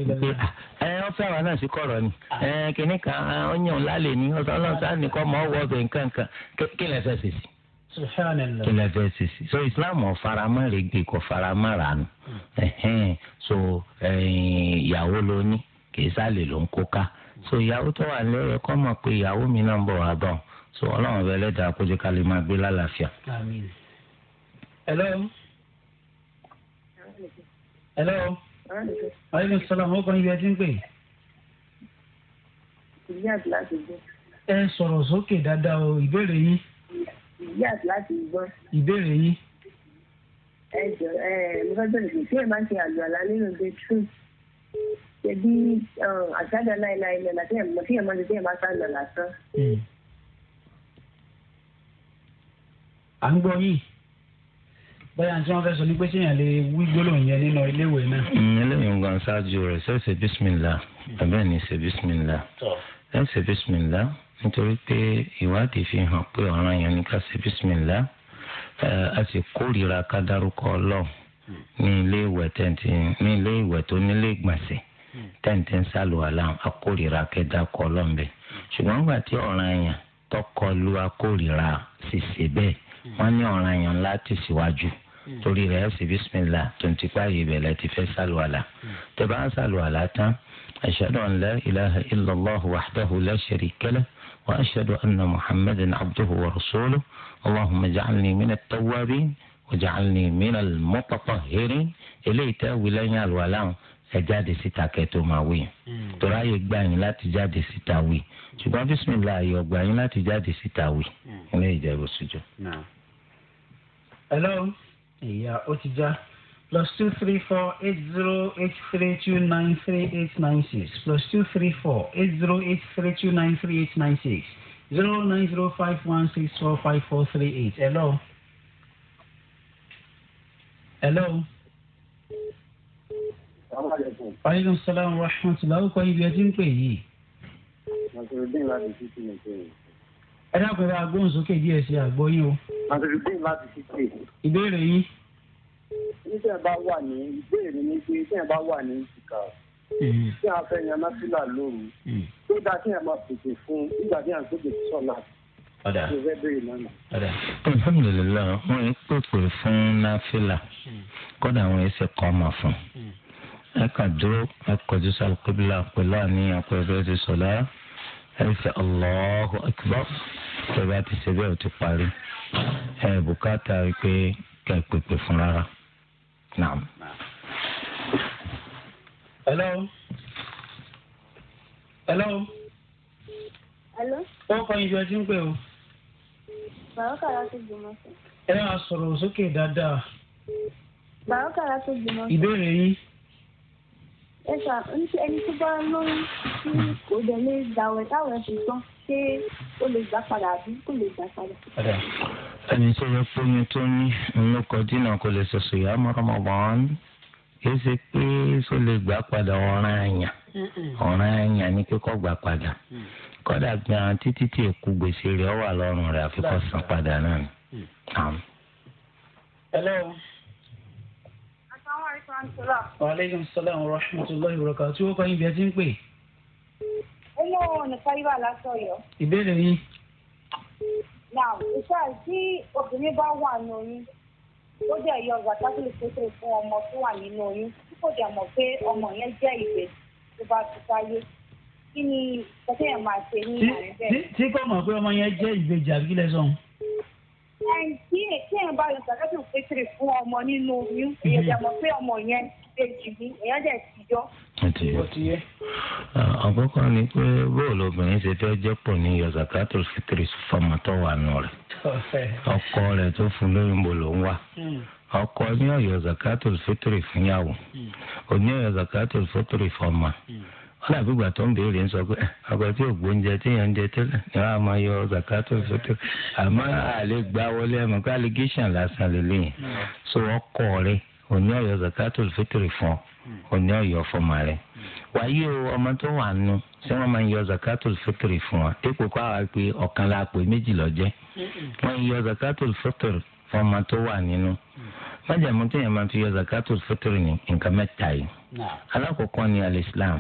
ẹ ẹ ọfẹ wa náà sí kọ̀rọ̀ ni ah. ẹ kìnnì kan ọyàn lálẹ́ ni ọsàn ọlọsàn nìkọ mọ ọwọ ọbẹ nǹkan kan kí lẹ fẹ́ sèṣì. kí lẹ fẹ́ sèṣì so Islam ọ̀faramọ́ rẹ̀ gbé kò faramọ́ rà hmm. nù so ìyàwó lóní kì í sálè ló ń kó ká so ìyàwó tó wà lẹ́yìn kọ́ mọ̀ pé ìyàwó mi náà ń bọ̀ wá bọ̀ so ọlọ́run bẹ lẹ́dàá kó jẹ́ ká lè máa gbé lálàáfíà. hello. hello. aleykum salaam ọkọ ibi ẹtí ń pè. ìyá àti láti gbọ́. ẹ sọ̀rọ̀ sókè dáadáa o ìbéèrè yín. ìyá àti láti gbọ́. ìbéèrè yín. ẹ jọ ẹ mo fẹ́ bẹ̀rẹ̀ pé kí ẹ máa ń ṣe àjọ nínú the truth ṣebí um, àṣàdá láìláì lọ́la tí èèyàn tí èèyàn máa ń ṣe máa sálọ lásán. Hmm. à ń yìí bóyá tí wọ́n fẹ́ sọ ni pé ṣéèyàn lè wí gbólóhùn yẹn nínú iléèwé náà. eléyìí hmm, gan ṣáájú rẹ̀ ṣe é ṣe bísímìlà bẹ́ẹ̀ ni ṣe bísímìlà ẹ ṣe bísímìlà nítorí pé ìwádìí fi hàn pé ọ̀ràn yẹn ni ká ṣe bísímìlà a sì kórìíra ká dárúkọ ọlọ́run ní ilé ìwẹ̀ tó nílé ìgbọ̀nsẹ̀ tẹ̀ǹtẹ̀ ń sàlùwàlà akórira kẹta kọ lọ́nbẹ ṣùgbọ́n nígbà tí ọ̀ràn èèyàn tọkọ lu akórira ṣìṣe bẹ́ẹ̀ wọ́n ní ọ̀ràn èèyàn ńlá ti síwájú torí rẹ̀ ẹ̀sìn bísímìlà tó ń tipa yìí bẹ̀rẹ̀ ti fẹ́ sàlùwàlà tẹ bá ń sàlùwàlà tán ashhadu an la ilaha illallah wahdahu la sharika lah wa ashhadu anna muhammadan wa rasuluhu allahumma ja'alni min at-tawwabin wa ja'alni min al-mutatahhirin eléyìí tẹ́ wílẹ̀ yẹn àlùwàlà wọn ẹ jáde síta kẹtó máa wí hmm. torí ààyè gbà yín láti jáde síta wí ṣùgbọ́n bísímìlá ààyè ọgbà yín láti jáde síta wí hmm. ilé ìjẹ̀bù síjọ. hello ìyá ó ti já plus two three four eight zero eight three two nine three eight nine six plus two three four eight zero eight three two nine three eight nine six zero nine zero five one six four five four three eight hello. hello aleykum salaam wa rahmatulah ó kọ ibi ẹtí ń pè yìí. nasirudin láti títí nìkẹyìn. ẹ dákun ra agbóhùnsókè díẹ̀ sí àgbọ̀ yín o. nasirudin láti títí. ìbéèrè yín. níṣẹ́ bá wà ní ìbéèrè ni pé níṣẹ́ bá wà ní ìsìkà hmm. tí a fẹ́ yan násìlà lóru hmm. tó dáa kí a máa pèsè fún nígbà tí a ń pèsè sọ́la ọ̀dà alhamdulilayi wọn ń pèpè fún náfìlà hmm. kódà àwọn ẹsẹ̀ kọ́ ọmọ fún un ẹ kà dúró ẹ kọjú sàlùkébìlà pẹ̀lú àníyàn pé ẹ fẹ́ ti sọ̀lá ẹ ṣe Allahu Akbar tẹ̀lé àti ṣe bẹ́ẹ̀ ti parí ẹ bùkátà pé kẹ́ pèpè fún rárá. Naam. Hello. Hello. Hello. Wọ́n kọ́ ìjọ tí ń pè ọ́. Bàbá láti gbìmọ̀ sí. Ẹ máa sọ̀rọ̀ sókè dáadáa. Bàbá láti gbìmọ̀ sí. Ìbéèrè yín ẹ sà ń ṣe ẹni tó bá lóyún tí kò dẹ̀ lè gbàwẹ̀ táwọn ẹ̀sìn tán ṣé ó lè gbà padà àbí kò lè gbà padà. ẹni tó yẹ pé mi tó ní ló kọjú náà kò lè ṣoṣo ìyá mọ́rọ́mọ́ bọ́n kìí ṣe pé tó lè gbà padà ọ̀ràn àyàn ọ̀ràn àyàn ni kíkọ́ gbà padà mm. kọ́dà gan títí tí èkú gbèsè rẹ̀ wà lọ́rùn rẹ̀ àfikọ́ san padà náà ni. Mm. Hello aleykum salaam wa rahmatulahi wa barakatuh tí wọ́n kọ́ yín bí ẹ ti ń pè. olówó nìkan yóò aláṣọyọ. ìbéèrè yín. na ìṣe tí obìnrin bá wà ní oyún ó jẹ́ ìyọ ọgbà tábìlì pété fún ọmọ tó wà nínú oyún tí kò dẹ̀ mọ̀ pé ọmọ yẹn jẹ́ ìgbẹ́ tó bá ti sáyé kí ni kọ́tẹ́yìn máa ṣe ní àárín bẹ́ẹ̀. tí kò mọ̀ pé ọmọ yẹn jẹ́ ìgbẹ́jà kí lẹ́sàn-án tí èèyàn bá yọ sàkátù pétérì fún ọmọ nínú oyún èèyàn mhm. dẹ̀ mọ̀ pé ọmọ yẹn kejì ni èèyàn dẹ̀ ti yọ. àkọ́kọ́ ni pé bóòlù obìnrin ṣe fẹ́ jẹ́pọ̀ ní yọ sàkátù pétérì fọmọ tó wà nù rẹ̀ ọkọ rẹ̀ tó fún lóyún bò ló ń wà hmm. ọkọ ní ọyọ zakatul fitri fúnyàwó oní hmm. ọyọ zakatul fitri fọmọ. Hmm wọn àbí ìgbà tó ń béèrè ń sọ pé eh, ọgbà tí ò gbóúnjẹ téèyàn ń jẹ tẹ́lẹ̀ ni wọn á máa yọ zakato fótó àmọ́ àlè gbá wọlé ẹmọ pé allegation lásán lélẹyìn so wọn kọ rẹ òní ọyọ zakato fótó fún ọ òní ọyọ fọmọ rẹ wàyí o ọmọ tó wà nù tí wọn máa ń yọ zakato fótó fún wa dípò kó àwa pé ọ̀kan la pè méjì lọjẹ wọn yọ zakato fótó fún ọmọ tó wà nínú májàmú téèyàn máa fi yọ zakato fótó ní nǹkan mẹ́ta yìí alákọ̀ọ́kọ́ al-Islam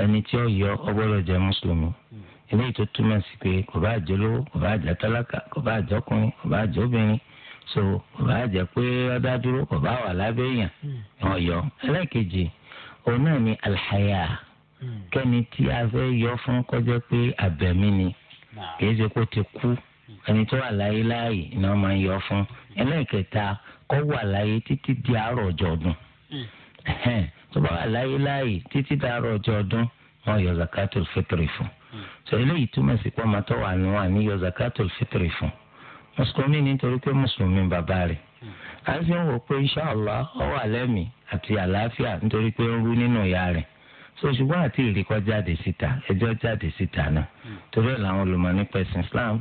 ẹni tí ó yọ ọ gbọ́dọ̀ jẹ́ mùsùlùmí eléyìí tó túmọ̀ sí pé kò bá jẹ́ lówó kò bá jẹ́ tálákà kò bá jẹ́ ọkùnrin kò bá jẹ́ obìnrin so kò bá jẹ́ pé ọ̀dá dúró kò bá wà lábẹ́ èèyàn wọn yọ ẹlẹ́ẹ̀kejì òun náà ni alhaya kẹ́ni tí a fẹ́ yọ fún kọjá pé abẹ̀mí ni kìí ṣe kó ti kú ẹni tó wà láyé láàyè ni wọ́n máa ń yọ fún ẹlẹ́ẹ̀kẹta kó wà láyé títí di àárọ̀ ọjọ́ ọdún tó bá wà láyé láàyè títí dàárọ̀ ọjọ́ ọdún wọn yọ zakatul fitri fún hmm. so eléyìí túmọ̀ sí pé ọmọ tó wà ní wà ní yọ zakatul fitri fún mùsùlùmí nítorí pé mùsùlùmí bàbá rẹ̀ à hmm. ń fi wò pé inṣàlá ọwọ́ àlẹ́mì àti àlàáfíà nítorí pé ó rú nínú ìyá rẹ̀ so ṣùgbọ́n àti ìrìkọ́ jáde síta ẹjọ́ jáde síta náà hmm. torí ẹ̀ làwọn olùmọ̀ nípa ẹ̀sìn Islam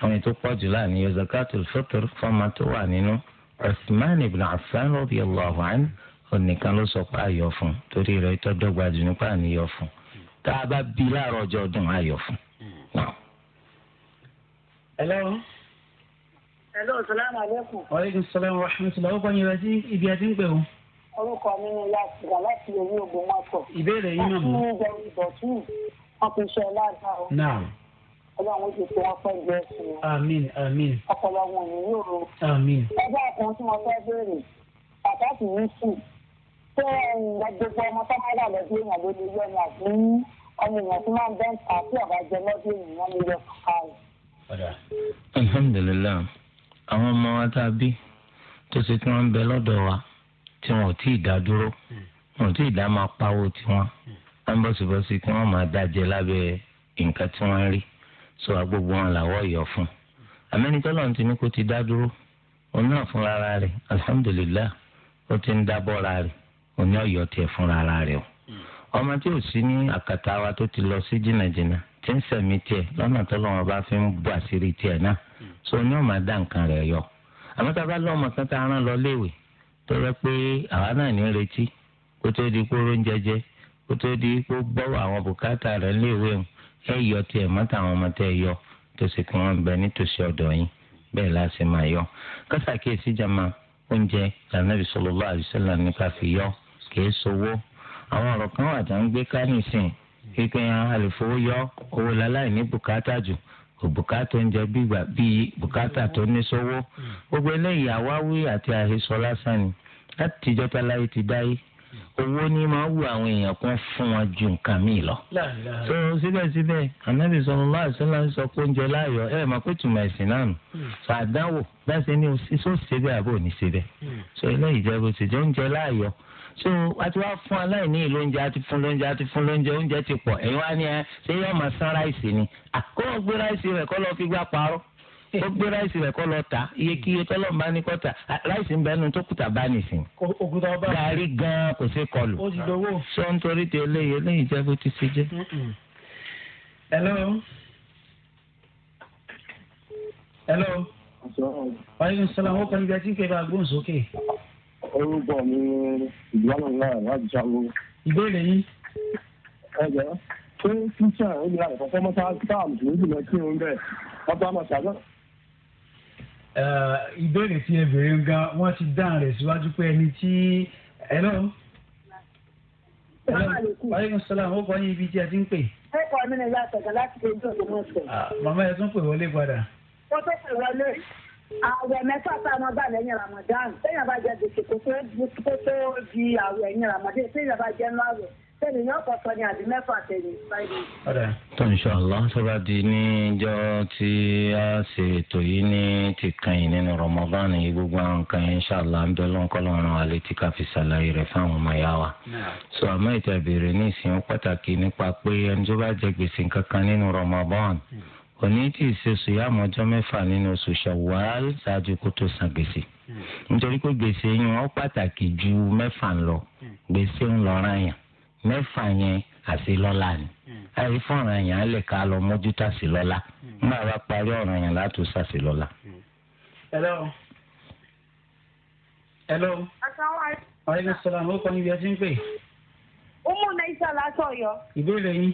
àwọn ètò pọ̀jù láàrin yọ zakatul fitri fọ́ọ̀mà tó wà nínú Usman ibn Affan radiyallahu anhu onìkan ló sọ pé àyọ̀ fún torí rẹ̀ tó dọ́gba jù nípa àníyọ̀ fún tá a bá bí láàárọ̀ ọjọ́ ọdún àyọ̀ fún. hello. hello salaam aleykum. aleykum salaam wa rahmatulah. ó kọ́ yín rẹ sí ibi ẹ ti ń pè o. orúkọ mi ni ya sìgá láti orí ogun mọ́tò. ìbéèrè yín náà mọ́. wọ́n ti ń bọ̀ tí wọ́n fi ṣe láàárọ̀. náà. ọlọ́run ti fi wọn pẹ́ jẹ́ sí i. wọn ni ṣé gbogbo ọmọ tó máa dàgbẹ́ sí èèyàn ló lè yọ ni àti ọmọ èèyàn tó máa ń bẹ́ ń ta sí ọ̀gá lọ́dún èèyàn wọn lè yọ kàkà rẹ̀. alhamdulilayi àwọn ọmọ wa tá a bí tó ṣe tí wọ́n ń bẹ lọ́dọ̀ wa tí wọn ò tí ì dá dúró wọn ò tí ì dá máa pawó tiwọn wọn bọ̀sibọ̀si kí wọ́n máa dájẹ́ lábẹ́ nǹkan tí wọ́n ń rí so agbogbo wọn làwọ̀ yọ fún un àmẹ́nitọ́lọ́ ti ní kó ti dá dúró òun náà fúnra rẹ̀ alhamdulilayi ó ti ń dábọ́ra rẹ̀ òní ọ̀yọ́ tiẹ̀ fúnra ara rẹ̀ o hmm. ọmọ tí ò sí ní àkàtà wa tó ti lọ sí jìnnàjìnnà tí ń sẹ̀mí tiẹ̀ lọ́nà tó lọ́wọ́ bá fi ń bu àṣírí tiẹ̀ náà hmm. so ní ọ̀ma dá nǹkan rẹ̀ yọ àmọ́ tá a bá lọ́mọ kan tá a rán lọ léèwé tó rẹ pé àwa náà ní retí kó tó di kó ró jẹjẹ kó tó di kó gbọ́ àwọn bùkátà rẹ̀ léèwé o ẹ yọ tiẹ̀ mọ́tà àwọn ọmọ tẹ́ ẹ yọ tó sì kí wọ́n bẹ nítòsí ọ̀dọ̀ yín bẹ́ẹ̀ láti máa yọ kásàkíyèsí jama oúnjẹ lànà bisalòlá àdìsẹ́là nípa fi yọ kì í sowó àwọn ọ̀rọ̀ kan wà tá ń gbé kánì sìn kíkẹ́ yẹn a lè fowó yọ owó láláì ní bùkátà jù kò bùkátà oúnjẹ bíi bùkátà tó ní sowó gbogbo eléyìí àwáwí àti àhesọ lásán ni láti tìjọ́ táláyé ti dáyé owó ni máa wù àwọn èèyàn kan fún wọn ju nǹkan míì lọ. so síbẹ̀síbẹ̀ anabi sọ̀rọ̀ máa ṣe láti sọ pé oúnjẹ láàyò ẹ̀ máa pé tùmọ̀ ẹ̀sìn náà nù. so àdánwò bẹ́sẹ̀ ni sísọ síbẹ̀ àbò ní síbẹ̀. so eléyìí jẹ́ bó ti jẹ́ oúnjẹ láàyò so a wá fún aláìní ìlú oúnjẹ a fún lóúnjẹ a fún lóúnjẹ oúnjẹ ti pọ̀ ẹ̀yin wá ní ẹ ṣé yóò máa san ráìsì ni kó o gbé ráìsì rẹ̀ kó lọ fi gbá parọ́ ó gbé ráìsì rẹ̀ kó lọ tà iye kí iye tọ́lọ̀ bá ní kó tà ráìsì ń bẹ nu tó kùtà bá nìsín gàrí gan kò sí kọlù sọ nítorí tí eléyìí eléyìí jẹ́ bó ti ṣe jẹ́. hello hello wàhálà ìṣẹ̀lẹ̀ àwọn kan ibi àti ìpè bá gbóhùn sókè orúkọ mi ìgbàlù náà láti ṣàwọ. ìbéèrè yìí. ẹ jẹ́ pé christian ó yára ìfọ̀fọ́ mọ́sáàsì táàmù tó ń jùlọ kí n bẹ̀ wọ́n bá máa ṣàgbọ́. ìbéèrè tí ẹ béèrè ń ga wọ́n ti dáhùn rẹ̀ síwájú pé ẹni tí ẹ lọ́rùn aleykum salaam ó kọ́ yín ibi tí a ti ń pè. ẹ̀kọ́ mi ni ìyá àtọ̀gá láti ojú ọ̀dọ́ mọ́tò. màmá ẹ̀ tún pè wọlé padà. wọ́n tó pè wọlé. àwẹ̀ mẹ́fà tá a máa gbà lẹ́yìn ramadan téèyàn bá jẹ gbèsè kó tó di àwẹ̀ ẹ̀yìn ramadan téèyàn bá jẹ nú àwẹ̀ ní di níjọ́ tí a ṣe ètò yìí ní ti kẹ́yìn nínú ramadan yìí gbogbo àwọn nǹkan yẹn ṣàlá ń bẹ lọ́nkọ́lọ́run alẹ́ tí fi ṣàlàyé rẹ̀ fáwọn ọmọ wa. sọ àmọ́ ní ìsìn pàtàkì nípa pé ẹni kankan nínú hmm. kò ní tí ì ṣe sùyàmù ọjọ́ mẹ́fà nínú oṣù ṣàwárà ṣáájú kó tó san gbèsè hmm. nítorí pé gbèsè yẹn wọ́n pàtàkì ju mẹ́fà ń lọ hmm. gbèsè ń lọ ra yàn mẹ́fà yẹn àṣelọ́lá ni hmm. àyè fọ̀ràn yàn á lè ká lọ mójútó àṣelọ́lá nígbà wá parí ọ̀ràn yàn látò ṣàṣelọ́lá. hello. hello. asalaamualeykum. aleykum salaam ó kọ́ níbi ẹ ti ń pè. ó mú un náà iṣẹ́ aláṣọ yọ. ìbéèrè yín.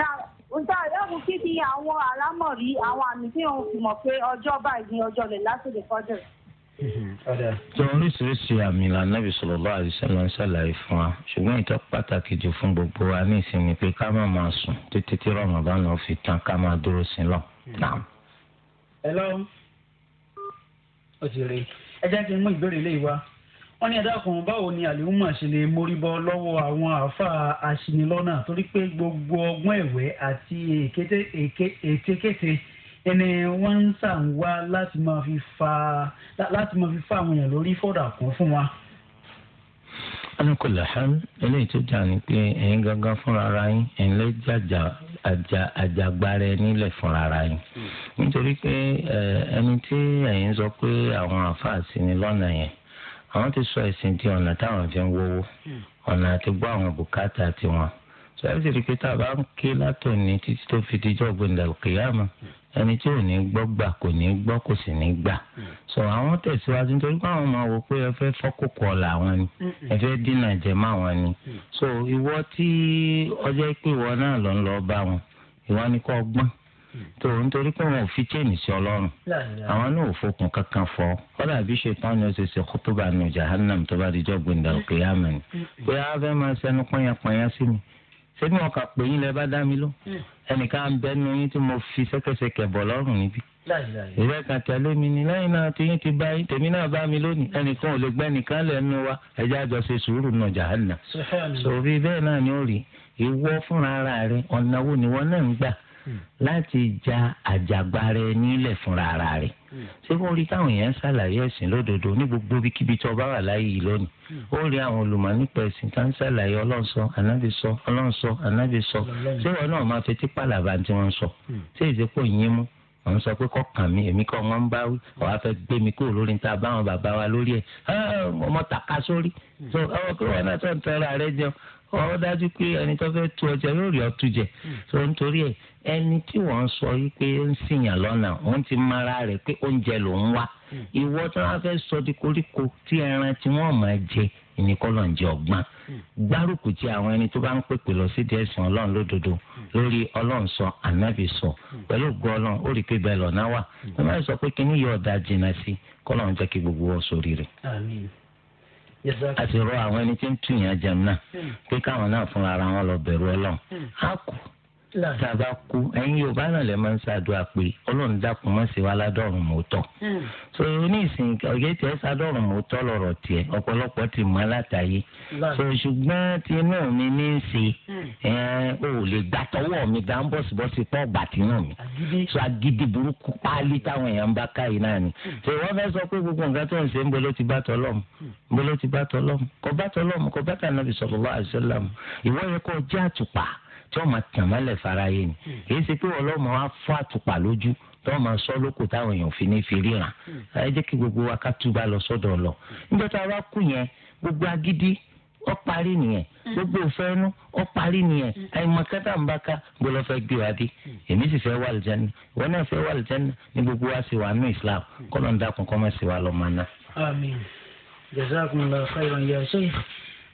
náà nta ìdáàbò kí ni àwọn àlámọ̀rí àwọn àmì tí òun fi mọ̀ pé ọjọ́ báyìí ni ọjọ́ rẹ̀ lásìkò kọjọ. tó oríṣiríṣi àmì lànàbì sallallahu alaihi wasallam ṣàlàyé fún wa ṣùgbọ́n ìtọ́ pàtàkì jù fún gbogbo wa ní ìsinmi pé ká má máa sùn títí tí Ramadan náà fi tán ká máa dúró sí lọ. ẹ lọ́wọ́ ó ti rí ẹ jẹ́ kí n mú ìbéèrè ilé ìwà wọ́n ní ẹ̀dá kan báwo ni àlìhùnmọ̀ ṣe lè móríbọ́ lọ́wọ́ àwọn àáfàá aṣinilọ́nà torí pé gbogbo ọgbọ́n ẹ̀wẹ́ àti ètekéte ẹni wọ́n ń sàn wá láti máa fi fa àwọn èèyàn lórí fọ́dà kan fún wa. alákòlá hàn eléyìí tó jà ní pé ẹ̀yin gangan fúnra ara yín ẹ̀yin lè jàjà àjàgbára ẹni lẹ̀ fúnra ara yín nítorí pé ẹni tí ẹ̀yin sọ pé àwọn àáfàá aṣinilọ́nà yẹn àwọn ti sọ ẹ̀sìn di ọ̀nà táwọn fi ń wọ́wọ́ hmm. ọ̀nà àti gbọ́ àwọn bùkátà tiwọn sọ ẹ́ sì rí pé tá a bá ń ké látòní títí tó fi dijọ́ gbẹ̀ndà kìyàmù ẹni tí ò ní gbọ́ gbà kò ní gbọ́ kò sì ní gbà hmm. sọ àwọn tẹ̀síwájú nítorí pé àwọn máa wò pé ẹ fẹ́ fọ́kòkò ọ̀la ni hmm. ẹ fẹ́ dínà jẹ̀mọ́ àwọn ni so ìwọ tí ọjọ́ pé ìwọ náà lọ ń lọ bá wọn ìwọ ni kò gbọ́n tó ń torí pé wọn ò fi chain sí ọlọ́run àwọn náà ò fokùn kankan fọ kọ́dà bí ṣetán ni ó ṣe ṣe kótóbà ní jahannam tó bá dijọ́ gbẹ̀ndà òkè yàmẹ̀ ni pé a fẹ́ máa ṣẹnu pọ́nyapọ́nya sí mi ṣé bí wọn kà pé yín lẹ bá dá mi ló mm. ẹnìkan ń bẹnu yín tí mo fi ṣẹ̀kẹ̀ṣẹ̀kẹ̀ bọ̀ lọ́rùn níbí ìwé kan tẹ̀lé mi ni lẹ́yìn náà tí yín ti bá yín tèmi náà bá mi lónìí ẹnìkan ò lè gbẹ́ nìkan lẹ́nu wa ẹjẹ́ àjọ ṣe sùúrù náà jahannam sòrí bẹ́ẹ̀ náà ni ó rí ìwọ fúnra rẹ ọ̀nà wo ni wọn náà ń gbà láti ja àjàgbara ẹni lẹ̀ fúnra ara rẹ̀ ṣé kò rí káwọn èèyàn ṣàlàyé ẹ̀sìn lódodo ní gbogbo ibikíbi tó bá wà láyé yìí lónìí ó rí àwọn olùmọ̀ nípa ẹ̀sìn tá ń ṣàlàyé ọlọ́run sọ ànábì sọ ọlọ́run sọ sọ ṣé wọn náà máa fetí pàlàbà tí wọ́n sọ ṣé ìṣepọ̀ yín mú wọn sọ pé kọkàn mi èmi kọ wọn ń bá wí ọwọ afẹ gbé mi kúrò lórí níta báwọn bàbá wa lórí ẹ ọmọ tàka sórí ọwọ wọn náà tó ń tọrọ ààrẹ jẹun ọ dájú pé ẹni tó fẹ́ tu ọjà yóò rí ọtú jẹ hmm. nítorí ẹ ẹni tí wọ́n sọ wípé ó ń sìyàn lọ́nà òun ti mara rẹ̀ pé oúnjẹ lòún wá hmm. ìwọ tó wá fẹ́ sọ di koríko tí ẹran tí wọ́n máa jẹ ìníkọ́lọ̀ jẹ ọ̀gbọ́n hmm. gbárùkù tí àwọn ẹni tó bá ń pèpè lọ sí ọlọ́run lórí ọlọ́run sọ pẹ̀lú àti rọ àwọn ẹni tí ń tù yàn jẹun náà hmm. pé káwọn náà fúnra ara wọn lọ bẹ̀rù Ọlọ́run hmm. á kù tá a bá kú ẹ̀yin yorùbá náà lè máa ń ṣàdúrà pé ọlọ́run dákun má ṣe wá ládọ́rùn mọ́ hmm. so oníṣìn ọ̀gẹ́ tiẹ̀ ṣàdọ́rùn mọ́ tọ́ lọ̀rọ̀ tiẹ̀ ọ̀pọ̀lọpọ̀ ti mọ́ látàyè. so ṣùgbọ́n tí inú mi ní í ṣe hmm. ẹ̀ ò lè gbà tọwọ́ mi dá ń bọ̀sibọ́sí pọ̀ bàtí náà mi. so agidi burúkú páálí táwọn èèyàn ń bá káyìí náà ni. Hmm. so wọ́n fẹ́ sọ pé gbogbo nǹkan tó ń ṣe ń bolo ti bá tọlọ́mù sallallahu alaihi wasallam ìwọ yẹ kó tí wọ́n máa tàn mọ́lẹ̀ fara yé ni hmm. kì í ṣe pé ọlọ́mọ wa fọ́ àtùpà lójú tí wọ́n máa sọ lóko táwọn èèyàn fi ní fi ríran hmm. ẹ jẹ́ kí gbogbo wa ká túbà lọ sọ́dọ̀ ọlọ hmm. nígbà tá a wá kú yẹn gbogbo agídí ó parí nìyẹn gbogbo òfẹnu ó parí nìyẹn àìmọkẹta nbaka gbọlọ fẹ́ gbé wa dé èmi sì fẹ́ wà lìjẹnà ìwọ náà fẹ́ wà lìjẹnà ní gbogbo wa sì wà nù islam kọlọ ń dákun kọmọ sí wa lọ mọ náà. àmín jazakumullahu khairan ya sheikh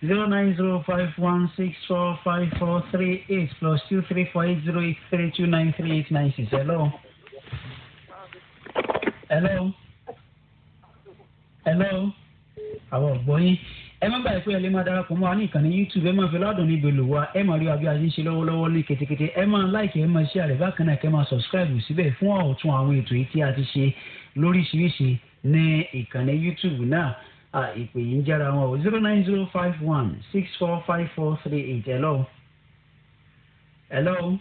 zero nine zero five one six four five four three eight plus two three four eight zero eight three two nine three eight nine six. Hello. Hello. Hello. Àwọn ọ̀gbọ́n yín. Ẹ má bàa pé ẹ lè máa darapọ̀ mọ́ wa ní ìkànnì YouTube ẹ máa fi ládùn ní ibèlò wa ẹ máa rí wa bí a ṣe ń ṣe lọ́wọ́lọ́wọ́ ní ketekete ẹ máa láìkì ẹ máa share bákan náà kẹ máa subscribe síbẹ̀ fún ọ̀tún àwọn ètò yìí tí a ti ṣe lóríṣiríṣi ní ìkànnì YouTube náà. Ah, ìpè yìí ń jára wọn o zero nine zero five one six four five four three eight hello. hello.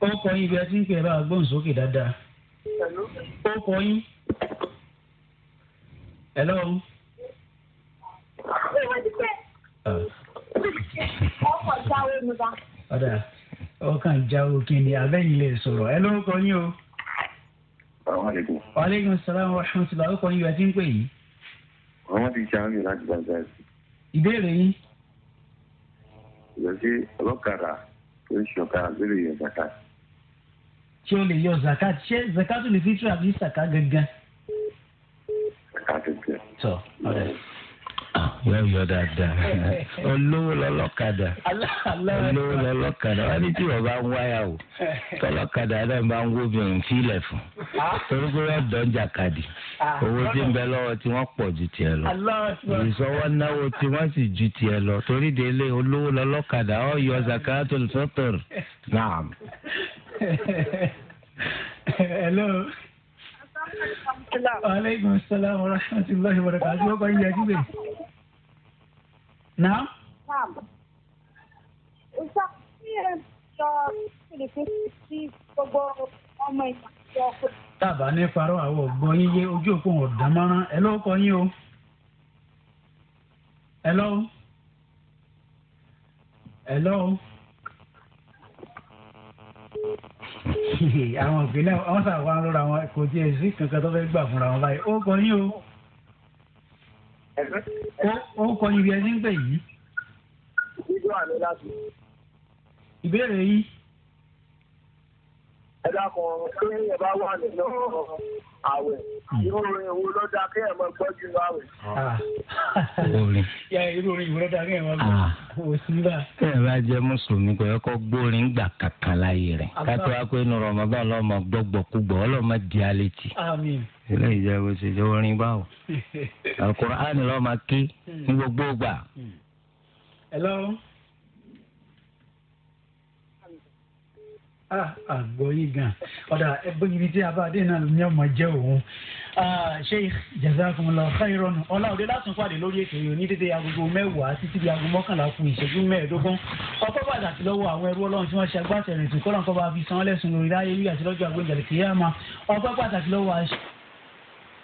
ó kọ yín bí ẹ ti ń pè é bá gbóhùn sókè dáadáa. ó kọ yín. hello. ọkọ̀ jáwé mi bá. ọ̀dà ọkàn jáwé kí ni abẹ́yìn lè sọ̀rọ̀ ẹ ló ń kọ yín o salaamaleykum. waaleykum salaam wa rahmatulah ó kọ́ ní yọtí ń pè yìí. wọ́n ti ṣe àwọn láti gbàgbà sí. ìbéèrè yín. ìrọ̀sí ọlọ́kadà tó ń ṣọ̀kadà lórí ìyẹn zakat. ṣé o lè yọ zakat ṣé zakat ò lè fi tú àbí zakat gangan. zakat gangan. tọ́ ọ̀rẹ́ yọ yọ dáadáa olówó lọlọ́kadà olówó lọlọ́kadà wọn ní tí wọn bá ń wáyà o tọlọ́kadà náà bá ń wóbìnrin fílẹ̀ fún ah. torí pé wọn dán jàkadì ah. owó tí ń bẹ lọ́wọ́ tí wọ́n pọ̀ ju tiẹ̀ lọ ìsọwọ́ náwó tí wọ́n sì ju tiẹ̀ lọ torí délé olówó lọlọ́kadà ọ yọ zakatul fitr naam. hello aleykum salaam wa rahmatulahi wa barakatuh ọkọ yín yẹn kíbe. naam. tábà ní farao àwọ̀ gbọ́ yín yé ojú òpó wọn dán mọ́rán ẹ lọ́wọ́ kọ yín o. ẹ lọ́wọ́. ẹ lọ́wọ́. àwọn ìpínlẹ̀ wọ́n sàwọn arọ́ra wọn kò tiẹ̀ sí kankan tó fẹ́ gbà fúnra wọn báyìí ó kọ yín o ó kọ yín bí ẹni ń pè yìí. ìbéèrè yìí. ẹ dákun ẹ bá wà nínú ọ̀rọ̀. àwẹ̀ hmm. irú orin wo ló dáa kí ẹ̀ máa gbọ́ jù ya ah. irú orin wo ẹ̀ máa gbọ́ ah. kò sí ẹ bá jẹ mùsùlùmí kò yẹ kó gbórin gbà kankan láyé rẹ kátó wá pé nù gbọgbọkúgbọ ọlọmọ di alẹ tì. ilé jẹ orin báwo lọ́ọ́ máa ké ní hmm. gbogbo Ah, àgbọ̀ yìí gan ọ̀dà ẹgbẹ́ ibi tí abáadé náà ló ní ọmọ jẹ́ òun ah, sheikh jazakumullahu khairan ọláòdé látún pàdé lórí ètò yìí ní dédé agogo mẹ́wàá títí di aago mọ́kànlá fún ìṣẹ́jú mẹ́ẹ̀ẹ́dógún ọpẹ́ pàtàkì lọ́wọ́ àwọn ẹrú ọlọ́run tí wọ́n ṣe agbátẹrìn tó kọ́lọ́n kọ́ bá fi san án lẹ́sùn lórí láyé rí àti lọ́jọ́ àgbẹ̀jẹ̀ kìí àmọ́ ọpẹ́ pàtàkì lọ́wọ́